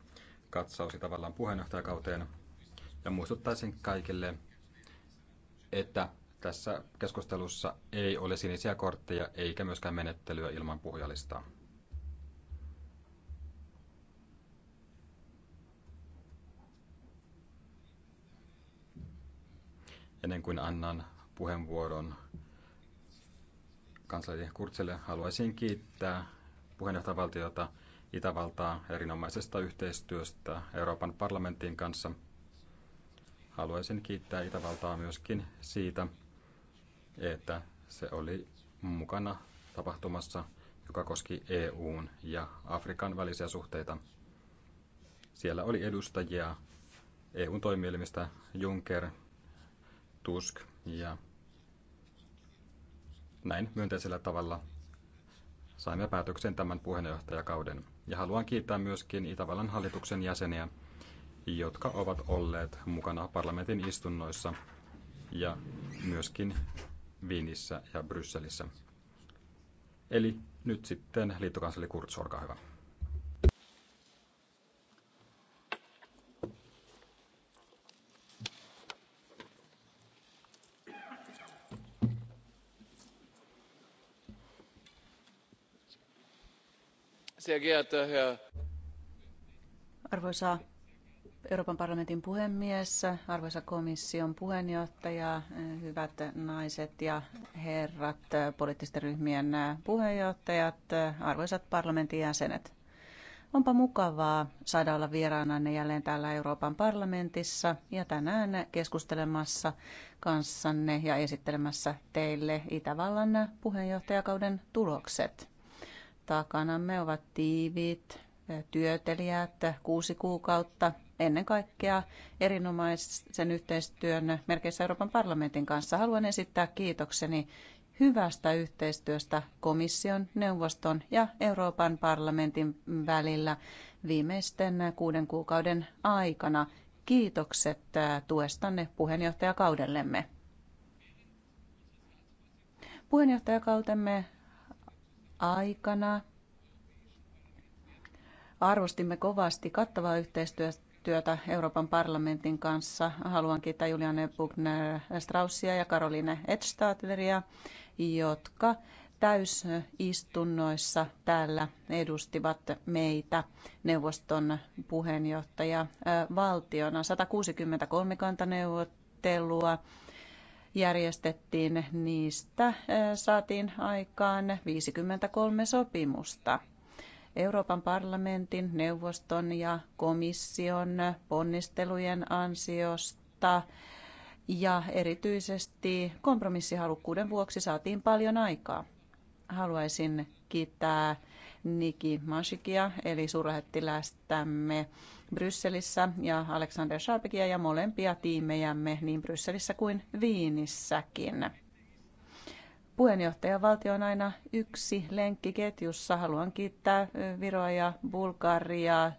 katsaus tavallaan puheenjohtajakauteen. Ja muistuttaisin kaikille, että tässä keskustelussa ei ole sinisiä kortteja eikä myöskään menettelyä ilman puhujalistaa. Ennen kuin annan puheenvuoron kansleri Kurtselle haluaisin kiittää puheenjohtajavaltiota Itävaltaa erinomaisesta yhteistyöstä Euroopan parlamentin kanssa. Haluaisin kiittää Itävaltaa myöskin siitä, että se oli mukana tapahtumassa, joka koski EUn ja Afrikan välisiä suhteita. Siellä oli edustajia EUn toimielimistä Juncker, Tusk ja näin myönteisellä tavalla saimme päätöksen tämän puheenjohtajakauden. Ja haluan kiittää myöskin Itävallan hallituksen jäseniä, jotka ovat olleet mukana parlamentin istunnoissa ja myöskin Viinissä ja Brysselissä. Eli nyt sitten liittokansali Kurz, olkaa hyvä. Arvoisa Euroopan parlamentin puhemies, arvoisa komission puheenjohtaja, hyvät naiset ja herrat, poliittisten ryhmien puheenjohtajat, arvoisat parlamentin jäsenet. Onpa mukavaa saada olla vieraananne jälleen täällä Euroopan parlamentissa ja tänään keskustelemassa kanssanne ja esittelemässä teille Itävallan puheenjohtajakauden tulokset. Takanamme ovat tiiviit, työtelijät, kuusi kuukautta ennen kaikkea erinomaisen yhteistyön merkeissä Euroopan parlamentin kanssa. Haluan esittää kiitokseni hyvästä yhteistyöstä komission, neuvoston ja Euroopan parlamentin välillä viimeisten kuuden kuukauden aikana. Kiitokset tuestanne puheenjohtajakaudellemme. Puheenjohtajakautemme aikana arvostimme kovasti kattavaa yhteistyötä Euroopan parlamentin kanssa. Haluan kiittää Juliane Bugner Straussia ja Karoline Edstadleria, jotka täysistunnoissa täällä edustivat meitä neuvoston puheenjohtaja valtiona. 163 kantaneuvottelua järjestettiin, niistä saatiin aikaan 53 sopimusta. Euroopan parlamentin, neuvoston ja komission ponnistelujen ansiosta ja erityisesti kompromissihalukkuuden vuoksi saatiin paljon aikaa. Haluaisin kiittää Niki Masikia, eli suurlähettilästämme Brysselissä, ja Alexander Sharpikia ja molempia tiimejämme niin Brysselissä kuin Viinissäkin. Puheenjohtajavaltio on aina yksi lenkki ketjussa. Haluan kiittää Viroa ja Bulgariaa,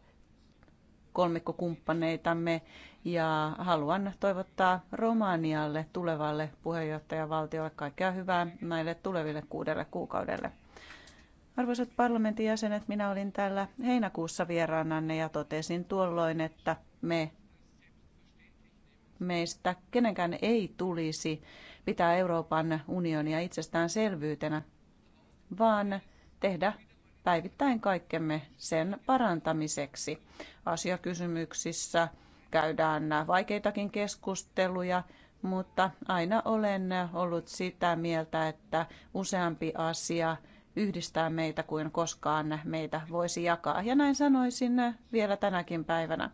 kolmikkokumppaneitamme ja haluan toivottaa Romanialle tulevalle puheenjohtajavaltiolle kaikkea hyvää näille tuleville kuudelle kuukaudelle. Arvoisat parlamentin jäsenet, minä olin täällä heinäkuussa vieraananne ja totesin tuolloin, että me meistä kenenkään ei tulisi pitää Euroopan unionia itsestäänselvyytenä, vaan tehdä päivittäin kaikkemme sen parantamiseksi. Asiakysymyksissä käydään vaikeitakin keskusteluja, mutta aina olen ollut sitä mieltä, että useampi asia – yhdistää meitä kuin koskaan meitä voisi jakaa. Ja näin sanoisin vielä tänäkin päivänä.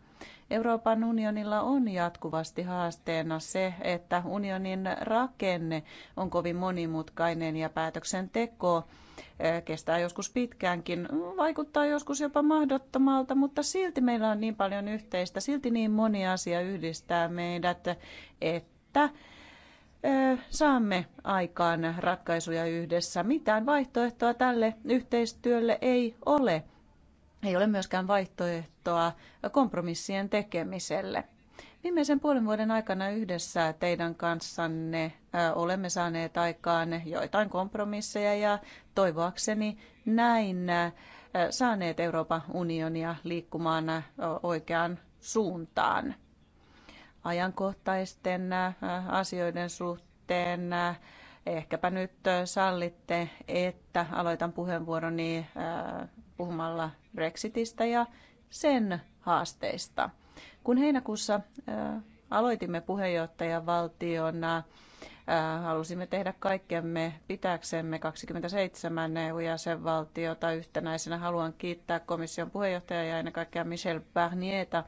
Euroopan unionilla on jatkuvasti haasteena se, että unionin rakenne on kovin monimutkainen ja päätöksenteko eh, kestää joskus pitkäänkin, vaikuttaa joskus jopa mahdottomalta, mutta silti meillä on niin paljon yhteistä, silti niin moni asia yhdistää meidät, että saamme aikaan ratkaisuja yhdessä. Mitään vaihtoehtoa tälle yhteistyölle ei ole. Ei ole myöskään vaihtoehtoa kompromissien tekemiselle. Viimeisen puolen vuoden aikana yhdessä teidän kanssanne olemme saaneet aikaan joitain kompromisseja ja toivoakseni näin saaneet Euroopan unionia liikkumaan oikeaan suuntaan ajankohtaisten äh, asioiden suhteen. Äh, ehkäpä nyt äh, sallitte, että aloitan puheenvuoroni puhumalla Brexitistä ja sen haasteista. Kun heinäkuussa aloitimme puheenjohtajavaltiona, halusimme tehdä kaikkemme pitääksemme 27 EU-jäsenvaltiota yhtenäisenä. Haluan kiittää komission puheenjohtajaa ja ennen kaikkea Michel Barnierta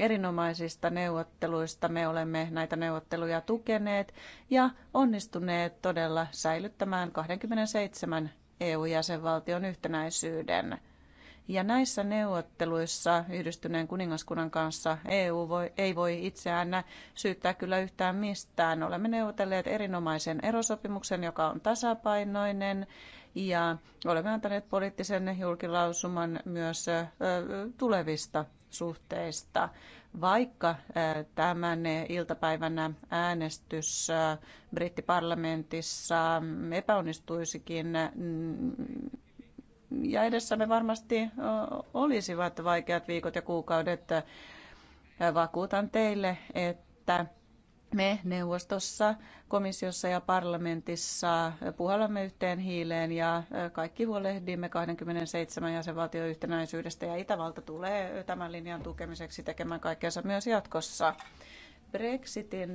erinomaisista neuvotteluista. Me olemme näitä neuvotteluja tukeneet ja onnistuneet todella säilyttämään 27 EU-jäsenvaltion yhtenäisyyden. Ja näissä neuvotteluissa yhdistyneen kuningaskunnan kanssa EU voi, ei voi itseään syyttää kyllä yhtään mistään. Olemme neuvotelleet erinomaisen erosopimuksen, joka on tasapainoinen ja olemme antaneet poliittisen julkilausuman myös tulevista suhteista. Vaikka tämän iltapäivänä äänestys brittiparlamentissa epäonnistuisikin, mm, ja edessämme varmasti olisivat vaikeat viikot ja kuukaudet, vakuutan teille, että me neuvostossa, komissiossa ja parlamentissa puhallamme yhteen hiileen ja kaikki huolehdimme 27 jäsenvaltion yhtenäisyydestä ja Itävalta tulee tämän linjan tukemiseksi tekemään kaikkensa myös jatkossa. Brexitin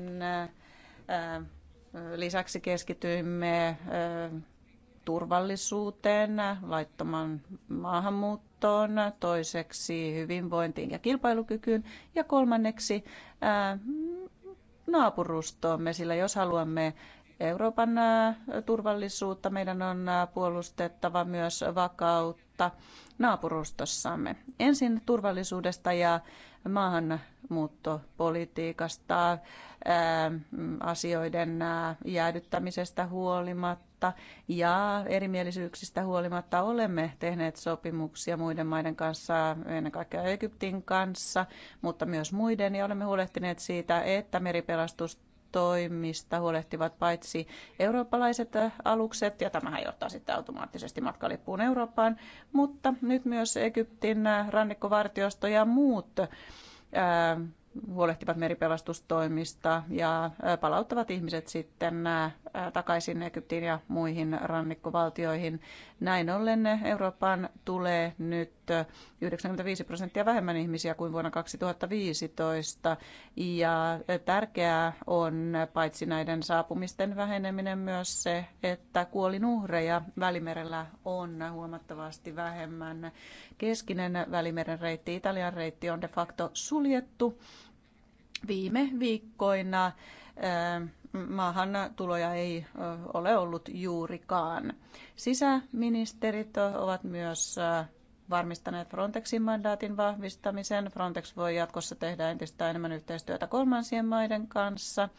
lisäksi keskityimme turvallisuuteen, laittoman maahanmuuttoon, toiseksi hyvinvointiin ja kilpailukykyyn ja kolmanneksi naapurustoomme, sillä jos haluamme Euroopan turvallisuutta, meidän on puolustettava myös vakautta naapurustossamme. Ensin turvallisuudesta ja maahanmuuttopolitiikasta, asioiden jäädyttämisestä huolimatta ja erimielisyyksistä huolimatta olemme tehneet sopimuksia muiden maiden kanssa, ennen kaikkea Egyptin kanssa, mutta myös muiden, ja olemme huolehtineet siitä, että meripelastus toimista huolehtivat paitsi eurooppalaiset alukset, ja tämähän johtaa sitten automaattisesti matkalippuun Eurooppaan, mutta nyt myös Egyptin rannikkovartiosto ja muut ää, huolehtivat meripelastustoimista ja palauttavat ihmiset sitten takaisin Egyptiin ja muihin rannikkovaltioihin. Näin ollen Euroopan tulee nyt 95 prosenttia vähemmän ihmisiä kuin vuonna 2015. Ja tärkeää on paitsi näiden saapumisten väheneminen myös se, että kuolinuhreja Välimerellä on huomattavasti vähemmän. Keskinen Välimeren reitti, Italian reitti on de facto suljettu viime viikkoina eh, maahan tuloja ei eh, ole ollut juurikaan. Sisäministerit eh, ovat myös varmistaneet Frontexin mandaatin vahvistamisen. Frontex voi jatkossa tehdä entistä enemmän yhteistyötä kolmansien maiden kanssa.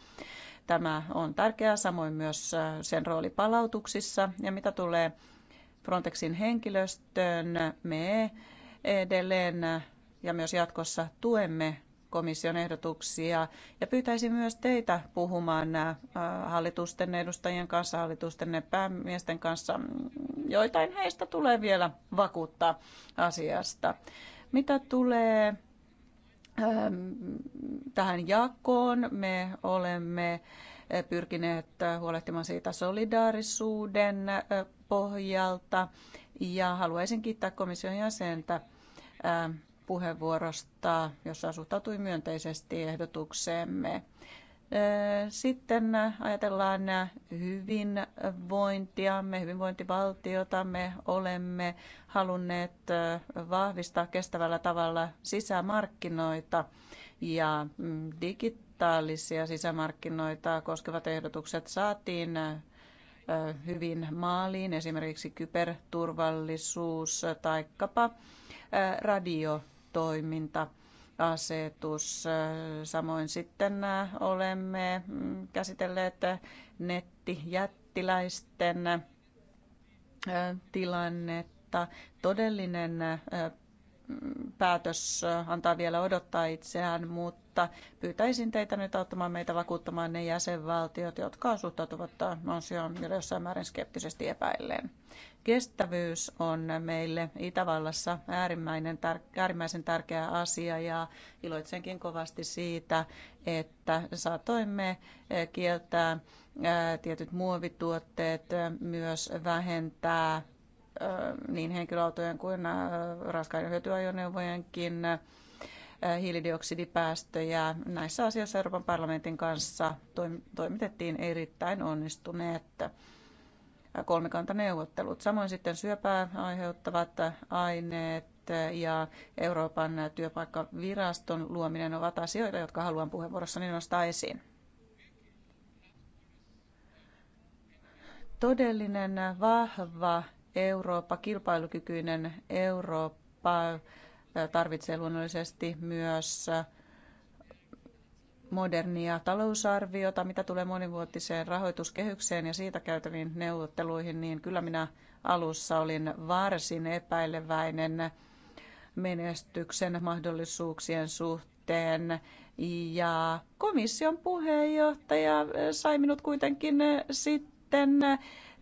Tämä on tärkeää, samoin myös äh, sen rooli palautuksissa. Ja mitä tulee Frontexin henkilöstöön, me edelleen äh, ja myös jatkossa tuemme komission ehdotuksia ja pyytäisin myös teitä puhumaan äh, hallitusten edustajien kanssa, hallitusten päämiesten kanssa joitain heistä tulee vielä vakuuttaa asiasta. Mitä tulee ähm, tähän jakoon, me olemme äh, pyrkineet äh, huolehtimaan siitä solidaarisuuden äh, pohjalta ja haluaisin kiittää komission jäsentä puheenvuorosta, jossa suhtautui myönteisesti ehdotukseemme. Sitten ajatellaan hyvinvointiamme, hyvinvointivaltiota. Me olemme halunneet vahvistaa kestävällä tavalla sisämarkkinoita ja mm, digitaalisia sisämarkkinoita koskevat ehdotukset saatiin hyvin maaliin, esimerkiksi kyberturvallisuus tai radiotoiminta – asetus. Samoin sitten äh, olemme mm, käsitelleet äh, nettijättiläisten äh, tilannetta. Todellinen mm, päätös antaa vielä odottaa itseään, mutta mutta pyytäisin teitä nyt auttamaan meitä vakuuttamaan ne jäsenvaltiot, jotka suhtautuvat ansioon vielä jossain määrin skeptisesti epäilleen. Kestävyys on meille Itävallassa äärimmäinen tär- äärimmäisen tärkeä asia ja iloitsenkin kovasti siitä, että saatoimme eh, kieltää eh, tietyt muovituotteet, eh, myös vähentää niin henkilöautojen kuin raskaiden hyötyajoneuvojenkin hiilidioksidipäästöjä. Näissä asioissa Euroopan parlamentin kanssa toimitettiin erittäin onnistuneet kolmikantaneuvottelut. Samoin sitten syöpää aiheuttavat aineet ja Euroopan työpaikkaviraston luominen ovat asioita, jotka haluan puheenvuorossani nostaa esiin. Todellinen, vahva Eurooppa, kilpailukykyinen Eurooppa, tarvitsee luonnollisesti myös modernia talousarviota, mitä tulee monivuotiseen rahoituskehykseen ja siitä käytäviin neuvotteluihin, niin kyllä minä alussa olin varsin epäileväinen menestyksen mahdollisuuksien suhteen. Ja komission puheenjohtaja sai minut kuitenkin sitten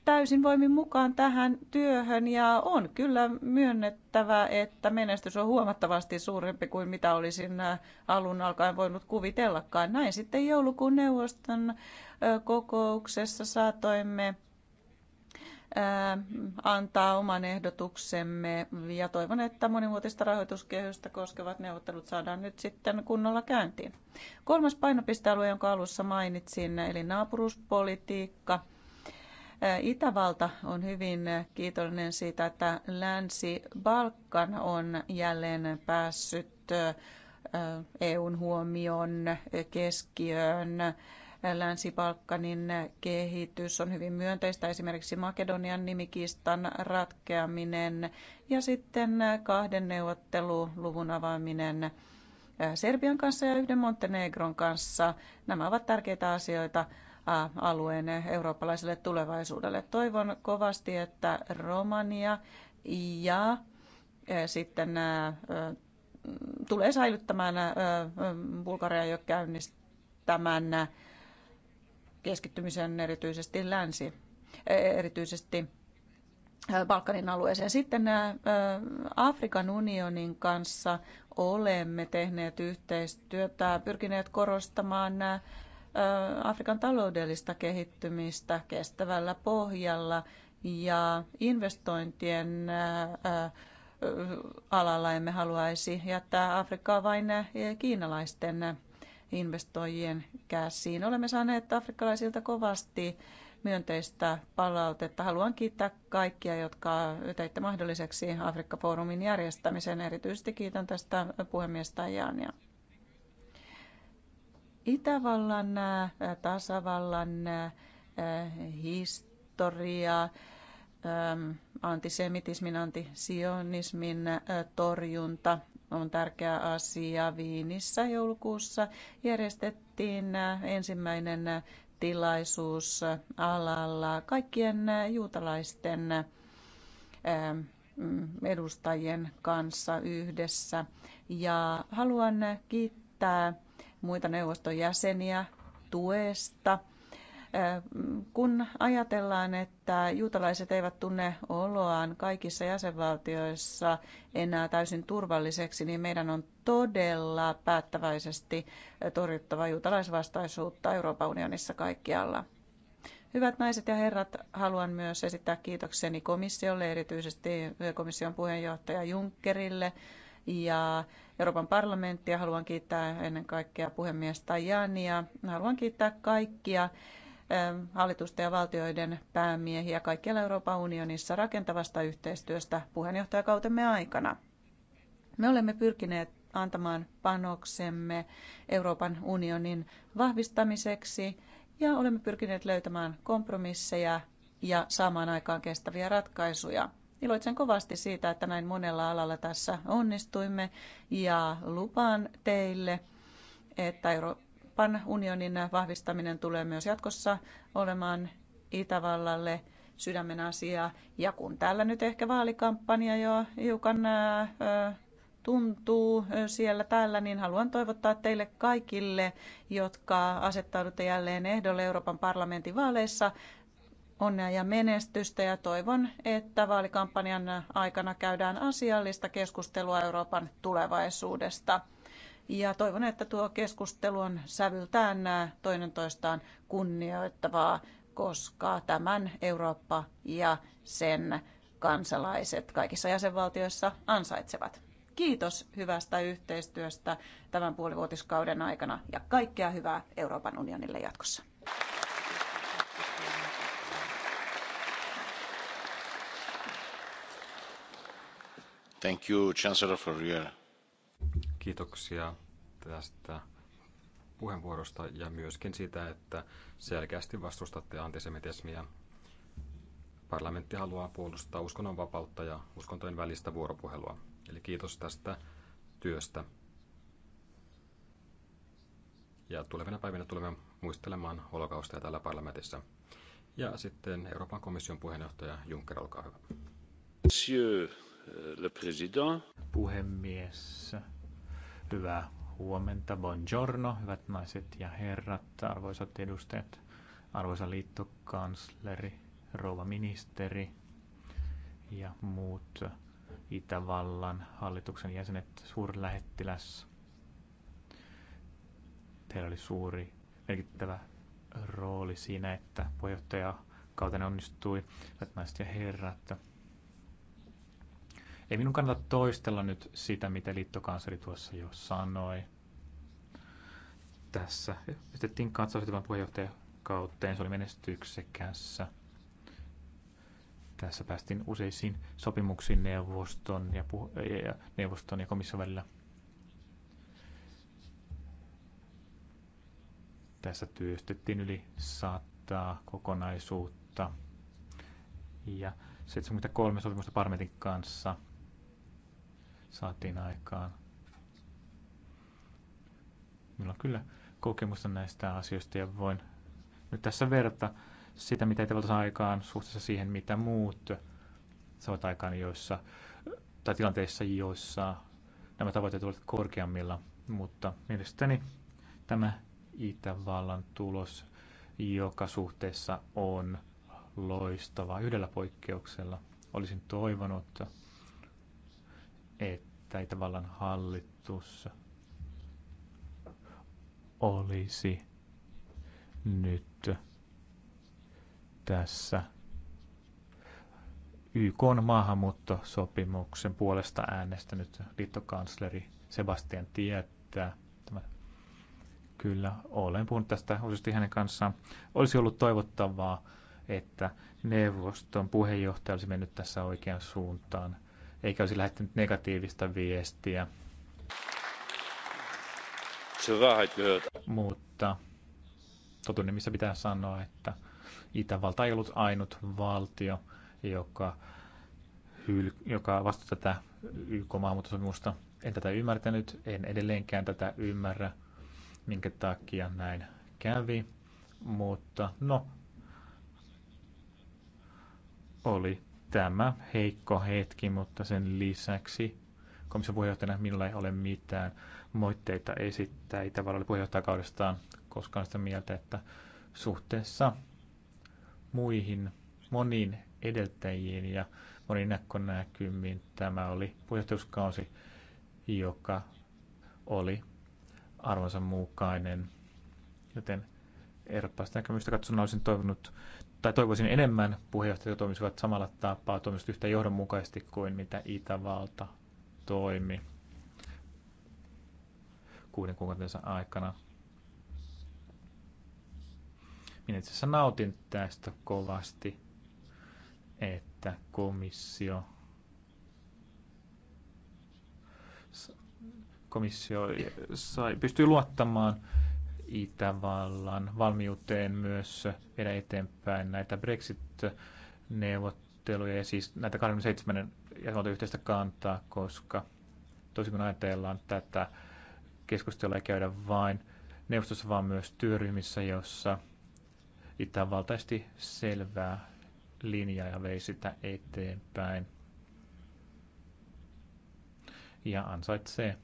täysin voimin mukaan tähän työhön ja on kyllä myönnettävä, että menestys on huomattavasti suurempi kuin mitä olisin äh, alun alkaen voinut kuvitellakaan. Näin sitten joulukuun neuvoston äh, kokouksessa saatoimme äh, antaa oman ehdotuksemme ja toivon, että monimuotista rahoituskehystä koskevat neuvottelut saadaan nyt sitten kunnolla käyntiin. Kolmas painopistealue, jonka alussa mainitsin, eli naapuruspolitiikka. Itävalta on hyvin kiitollinen siitä, että Länsi-Balkan on jälleen päässyt EUn huomion keskiöön. Länsi-Balkanin kehitys on hyvin myönteistä, esimerkiksi Makedonian nimikistan ratkeaminen ja sitten kahden neuvotteluluvun avaaminen Serbian kanssa ja yhden Montenegron kanssa. Nämä ovat tärkeitä asioita alueen eurooppalaiselle tulevaisuudelle. Toivon kovasti, että Romania ja eh, sitten eh, eh, tulee säilyttämään Bulgaria jo käynnistämään keskittymisen erityisesti länsi, erityisesti Balkanin alueeseen. Sitten Afrikan unionin kanssa olemme tehneet yhteistyötä, pyrkineet korostamaan Afrikan taloudellista kehittymistä kestävällä pohjalla ja investointien alalla emme haluaisi jättää Afrikkaa vain kiinalaisten investoijien käsiin. Olemme saaneet afrikkalaisilta kovasti myönteistä palautetta. Haluan kiittää kaikkia, jotka teitte mahdolliseksi Afrikka-foorumin järjestämisen. Erityisesti kiitän tästä puhemies Tajania. Itävallan äh, tasavallan äh, historia, ähm, antisemitismin, antisionismin äh, torjunta on tärkeä asia. Viinissä joulukuussa järjestettiin ensimmäinen tilaisuus alalla kaikkien juutalaisten mm, edustajien kanssa yhdessä. Ja haluan kiittää muita neuvoston jäseniä tuesta. Kun ajatellaan, että juutalaiset eivät tunne oloaan kaikissa jäsenvaltioissa enää täysin turvalliseksi, niin meidän on todella päättäväisesti torjuttava juutalaisvastaisuutta Euroopan unionissa kaikkialla. Hyvät naiset ja herrat, haluan myös esittää kiitokseni komissiolle, erityisesti komission puheenjohtaja Junckerille, ja Euroopan parlamenttia. Haluan kiittää ennen kaikkea puhemies Tajania. Haluan kiittää kaikkia hallitusten ja valtioiden päämiehiä kaikkialla Euroopan unionissa rakentavasta yhteistyöstä puheenjohtajakautemme aikana. Me olemme pyrkineet antamaan panoksemme Euroopan unionin vahvistamiseksi ja olemme pyrkineet löytämään kompromisseja ja saamaan aikaan kestäviä ratkaisuja. Iloitsen kovasti siitä, että näin monella alalla tässä onnistuimme ja lupaan teille, että Euroopan unionin vahvistaminen tulee myös jatkossa olemaan Itävallalle sydämen asia. Ja kun täällä nyt ehkä vaalikampanja jo hiukan tuntuu siellä täällä, niin haluan toivottaa teille kaikille, jotka asettaudutte jälleen ehdolle Euroopan parlamentin vaaleissa, onnea ja menestystä ja toivon, että vaalikampanjan aikana käydään asiallista keskustelua Euroopan tulevaisuudesta. Ja toivon, että tuo keskustelu on sävyltään äh, toinen toistaan kunnioittavaa, koska tämän Eurooppa ja sen kansalaiset kaikissa jäsenvaltioissa ansaitsevat. Kiitos hyvästä yhteistyöstä tämän puolivuotiskauden aikana ja kaikkea hyvää Euroopan unionille jatkossa. Kiitoksia tästä puheenvuorosta ja myöskin siitä, että selkeästi vastustatte antisemitismiä. Parlamentti haluaa puolustaa uskonnonvapautta ja uskontojen välistä vuoropuhelua. Eli kiitos tästä työstä. Ja tulevina päivinä tulemme muistelemaan holokaustia täällä parlamentissa. Ja sitten Euroopan komission puheenjohtaja Juncker, olkaa hyvä. Monsieur Euh, le Puhemies, hyvää huomenta, buongiorno, hyvät naiset ja herrat, arvoisat edustajat, arvoisa liittokansleri, rouva ministeri ja muut Itävallan hallituksen jäsenet, suurlähettiläs. Teillä oli suuri merkittävä rooli siinä, että puheenjohtaja kautta onnistui, hyvät naiset ja herrat ei minun kannata toistella nyt sitä, mitä liittokansleri tuossa jo sanoi. Tässä pistettiin puheenjohtajan puheenjohtajakauteen, se oli menestyksekässä. Tässä päästiin useisiin sopimuksiin neuvoston ja, puh- ja neuvoston ja komission välillä. Tässä työstettiin yli 100 kokonaisuutta ja 73 sopimusta parlamentin kanssa – saatiin aikaan. Minulla on kyllä kokemusta näistä asioista ja voin nyt tässä verrata sitä, mitä Itävalta saa aikaan suhteessa siihen, mitä muut saavat aikaan joissa, tai tilanteissa, joissa nämä tavoitteet ovat korkeammilla. Mutta mielestäni tämä Itävallan tulos joka suhteessa on loistava yhdellä poikkeuksella. Olisin toivonut, että että tavallaan hallitus olisi nyt tässä YK maahanmuuttosopimuksen puolesta äänestänyt liittokansleri Sebastian tietää. Tämä, kyllä, olen puhunut tästä useasti hänen kanssaan. Olisi ollut toivottavaa, että neuvoston puheenjohtaja olisi mennyt tässä oikeaan suuntaan eikä olisi lähettänyt negatiivista viestiä. Mutta totun nimissä pitää sanoa, että Itävalta ei ollut ainut valtio, joka, hyl- joka vastusti tätä YK-maahanmuuttosopimusta. En tätä ymmärtänyt, en edelleenkään tätä ymmärrä, minkä takia näin kävi. Mutta no, oli tämä heikko hetki, mutta sen lisäksi komission puheenjohtajana minulla ei ole mitään moitteita esittää Itävallalle puheenjohtajakaudestaan koskaan sitä mieltä, että suhteessa muihin moniin edeltäjiin ja moniin näkönäkymiin tämä oli puheenjohtajuuskausi, joka oli arvonsa mukainen. Joten ehdottomasti näkemystä katsona olisin toivonut tai toivoisin enemmän puheenjohtajat toimisivat samalla tapaa, toimisivat yhtä johdonmukaisesti kuin mitä Itävalta toimi kuuden kuukauden aikana. Minä itse asiassa nautin tästä kovasti, että komissio komissio sai, pystyi luottamaan Itävallan valmiuteen myös viedä eteenpäin näitä Brexit-neuvotteluja ja siis näitä 27 jäsenvaltion yhteistä kantaa, koska tosi kun ajatellaan tätä keskustelua ei käydä vain neuvostossa, vaan myös työryhmissä, jossa Itävaltaisesti selvää linjaa ja vei sitä eteenpäin. Ja ansaitsee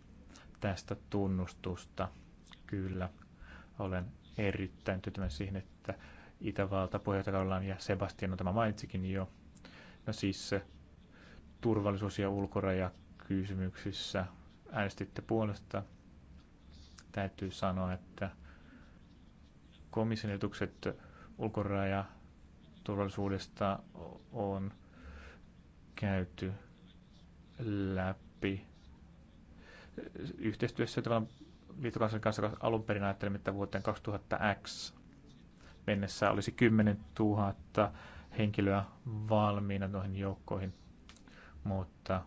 tästä tunnustusta, kyllä. Olen erittäin tyytyväinen siihen, että Itävalta puheenjohtajakaudellaan ja Sebastian tämä mainitsikin jo. No siis eh, turvallisuus- ja ulkorajakysymyksissä äänestitte puolesta. Täytyy sanoa, että komission etukset ulkoraja turvallisuudesta on käyty läpi yhteistyössä tavallaan liittokansan kanssa alun perin ajattelimme, että vuoteen 2000X mennessä olisi 10 000 henkilöä valmiina noihin joukkoihin, mutta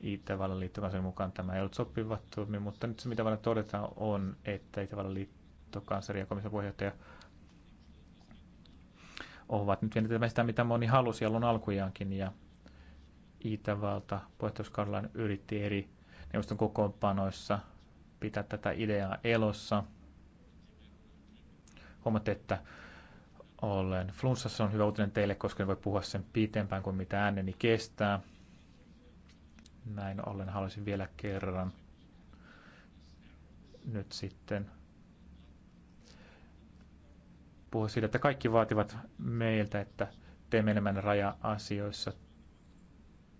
Itävallan liittokansan mukaan tämä ei ollut sopiva toimi, mutta nyt se mitä voidaan todeta on, että Itävallan liittokansari ja komission puheenjohtaja ovat nyt vieneet sitä, mitä moni halusi alun alkujaankin, ja Itävalta puheenjohtajuuskaudellaan yritti eri neuvoston kokoonpanoissa pitää tätä ideaa elossa. Huomaatte, että olen flunssassa, on hyvä uutinen teille, koska en voi puhua sen pitempään kuin mitä ääneni kestää. Näin ollen haluaisin vielä kerran nyt sitten puhua siitä, että kaikki vaativat meiltä, että teemme enemmän raja-asioissa.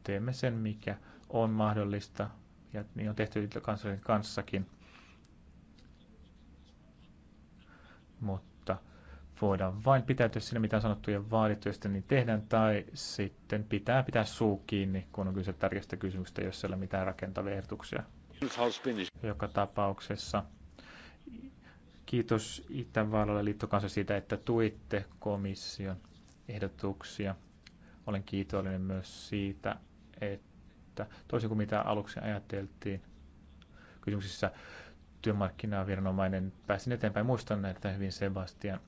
Teemme sen, mikä on mahdollista, ja niin on tehty kansallisen kanssakin. Mutta voidaan vain pitäytyä siinä, mitä on sanottu ja vaadittu, ja sitten niin tehdään, tai sitten pitää pitää suu kiinni, kun on kyse tärkeistä kysymyksistä, jos ei ole mitään rakentavia ehdotuksia. Joka tapauksessa kiitos Itävallalle liittokansa siitä, että tuitte komission ehdotuksia. Olen kiitollinen myös siitä, että että toisin kuin mitä aluksi ajateltiin kysymyksissä työmarkkinaviranomainen pääsin eteenpäin. Muistan että hyvin Sebastian,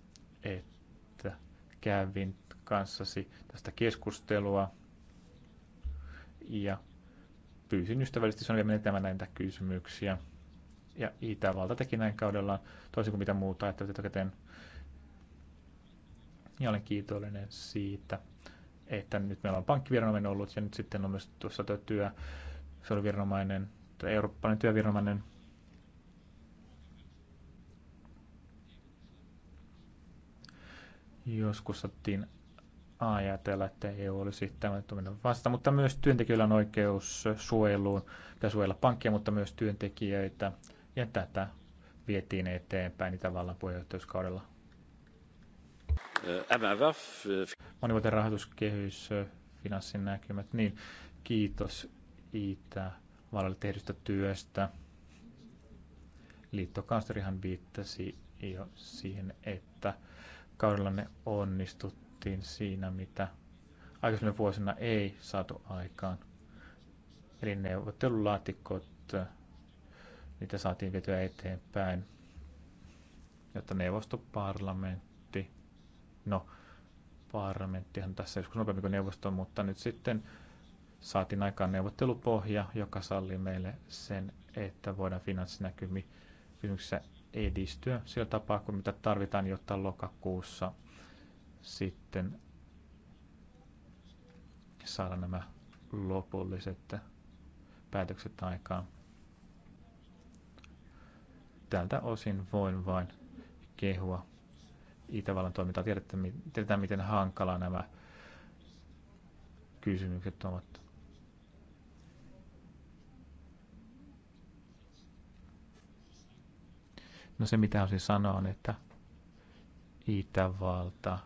että kävin kanssasi tästä keskustelua ja pyysin ystävällisesti sanoa menetämään näitä kysymyksiä. Ja Itävalta teki näin kaudellaan, toisin kuin mitä muuta ajattelut etukäteen. Ja olen kiitollinen siitä, että nyt meillä on pankkiviranomainen ollut ja nyt sitten on myös tuossa tuo työ, se oli viranomainen, tai eurooppalainen työviranomainen. Joskus saatiin ajatella, että EU olisi tämmöinen vasta, mutta myös työntekijöillä on oikeus suojeluun, pitää suojella pankkia, mutta myös työntekijöitä, ja tätä vietiin eteenpäin Itävallan puheenjohtajuuskaudella. Äh, monivuotinen rahoituskehys, finanssin näkymät, niin kiitos Iitä Valalle tehdystä työstä. Liittokanslerihan viittasi jo siihen, että kaudellanne onnistuttiin siinä, mitä aikaisemmin vuosina ei saatu aikaan. Eli neuvottelulaatikot, niitä saatiin vietyä eteenpäin, jotta neuvostoparlamentti, no Parlamenttihan tässä joskus nopeammin kuin neuvosto, mutta nyt sitten saatiin aikaan neuvottelupohja, joka sallii meille sen, että voidaan finanssinäkymissä edistyä sillä tapaa, kuin mitä tarvitaan, jotta lokakuussa sitten saada nämä lopulliset päätökset aikaan. Tältä osin voin vain kehua Itävallan toimintaa. Tiedetään, miten hankala nämä kysymykset ovat. No se, mitä haluaisin sanoa, on, että Itävalta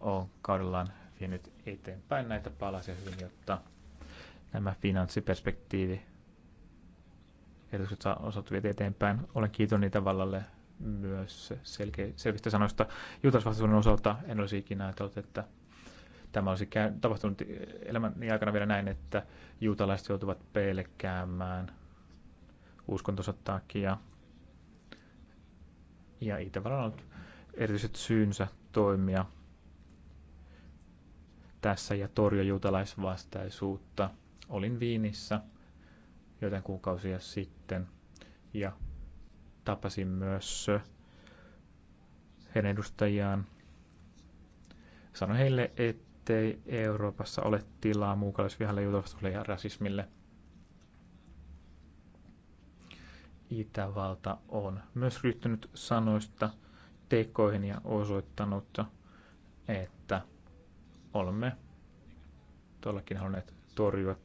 on kaudellaan vienyt eteenpäin näitä palasia hyvin, jotta nämä finanssiperspektiivi edustukset on osattu viety eteenpäin. Olen kiitollinen Itävallalle myös selkeistä selvistä sanoista. Juutalaisvastaisuuden osalta en olisi ikinä ajatellut, että tämä olisi tapahtunut elämän aikana vielä näin, että juutalaiset joutuvat pelkäämään uskontonsa takia. Ja Itävallalla on erityiset syynsä toimia tässä ja torjua juutalaisvastaisuutta. Olin Viinissä joten kuukausia sitten ja Tapasin myös heidän edustajiaan. Sanoin heille, ettei Euroopassa ole tilaa muukalaisvihalle, juutalaisuudelle ja rasismille. Itävalta on myös ryhtynyt sanoista tekoihin ja osoittanut, että olemme todellakin halunneet torjua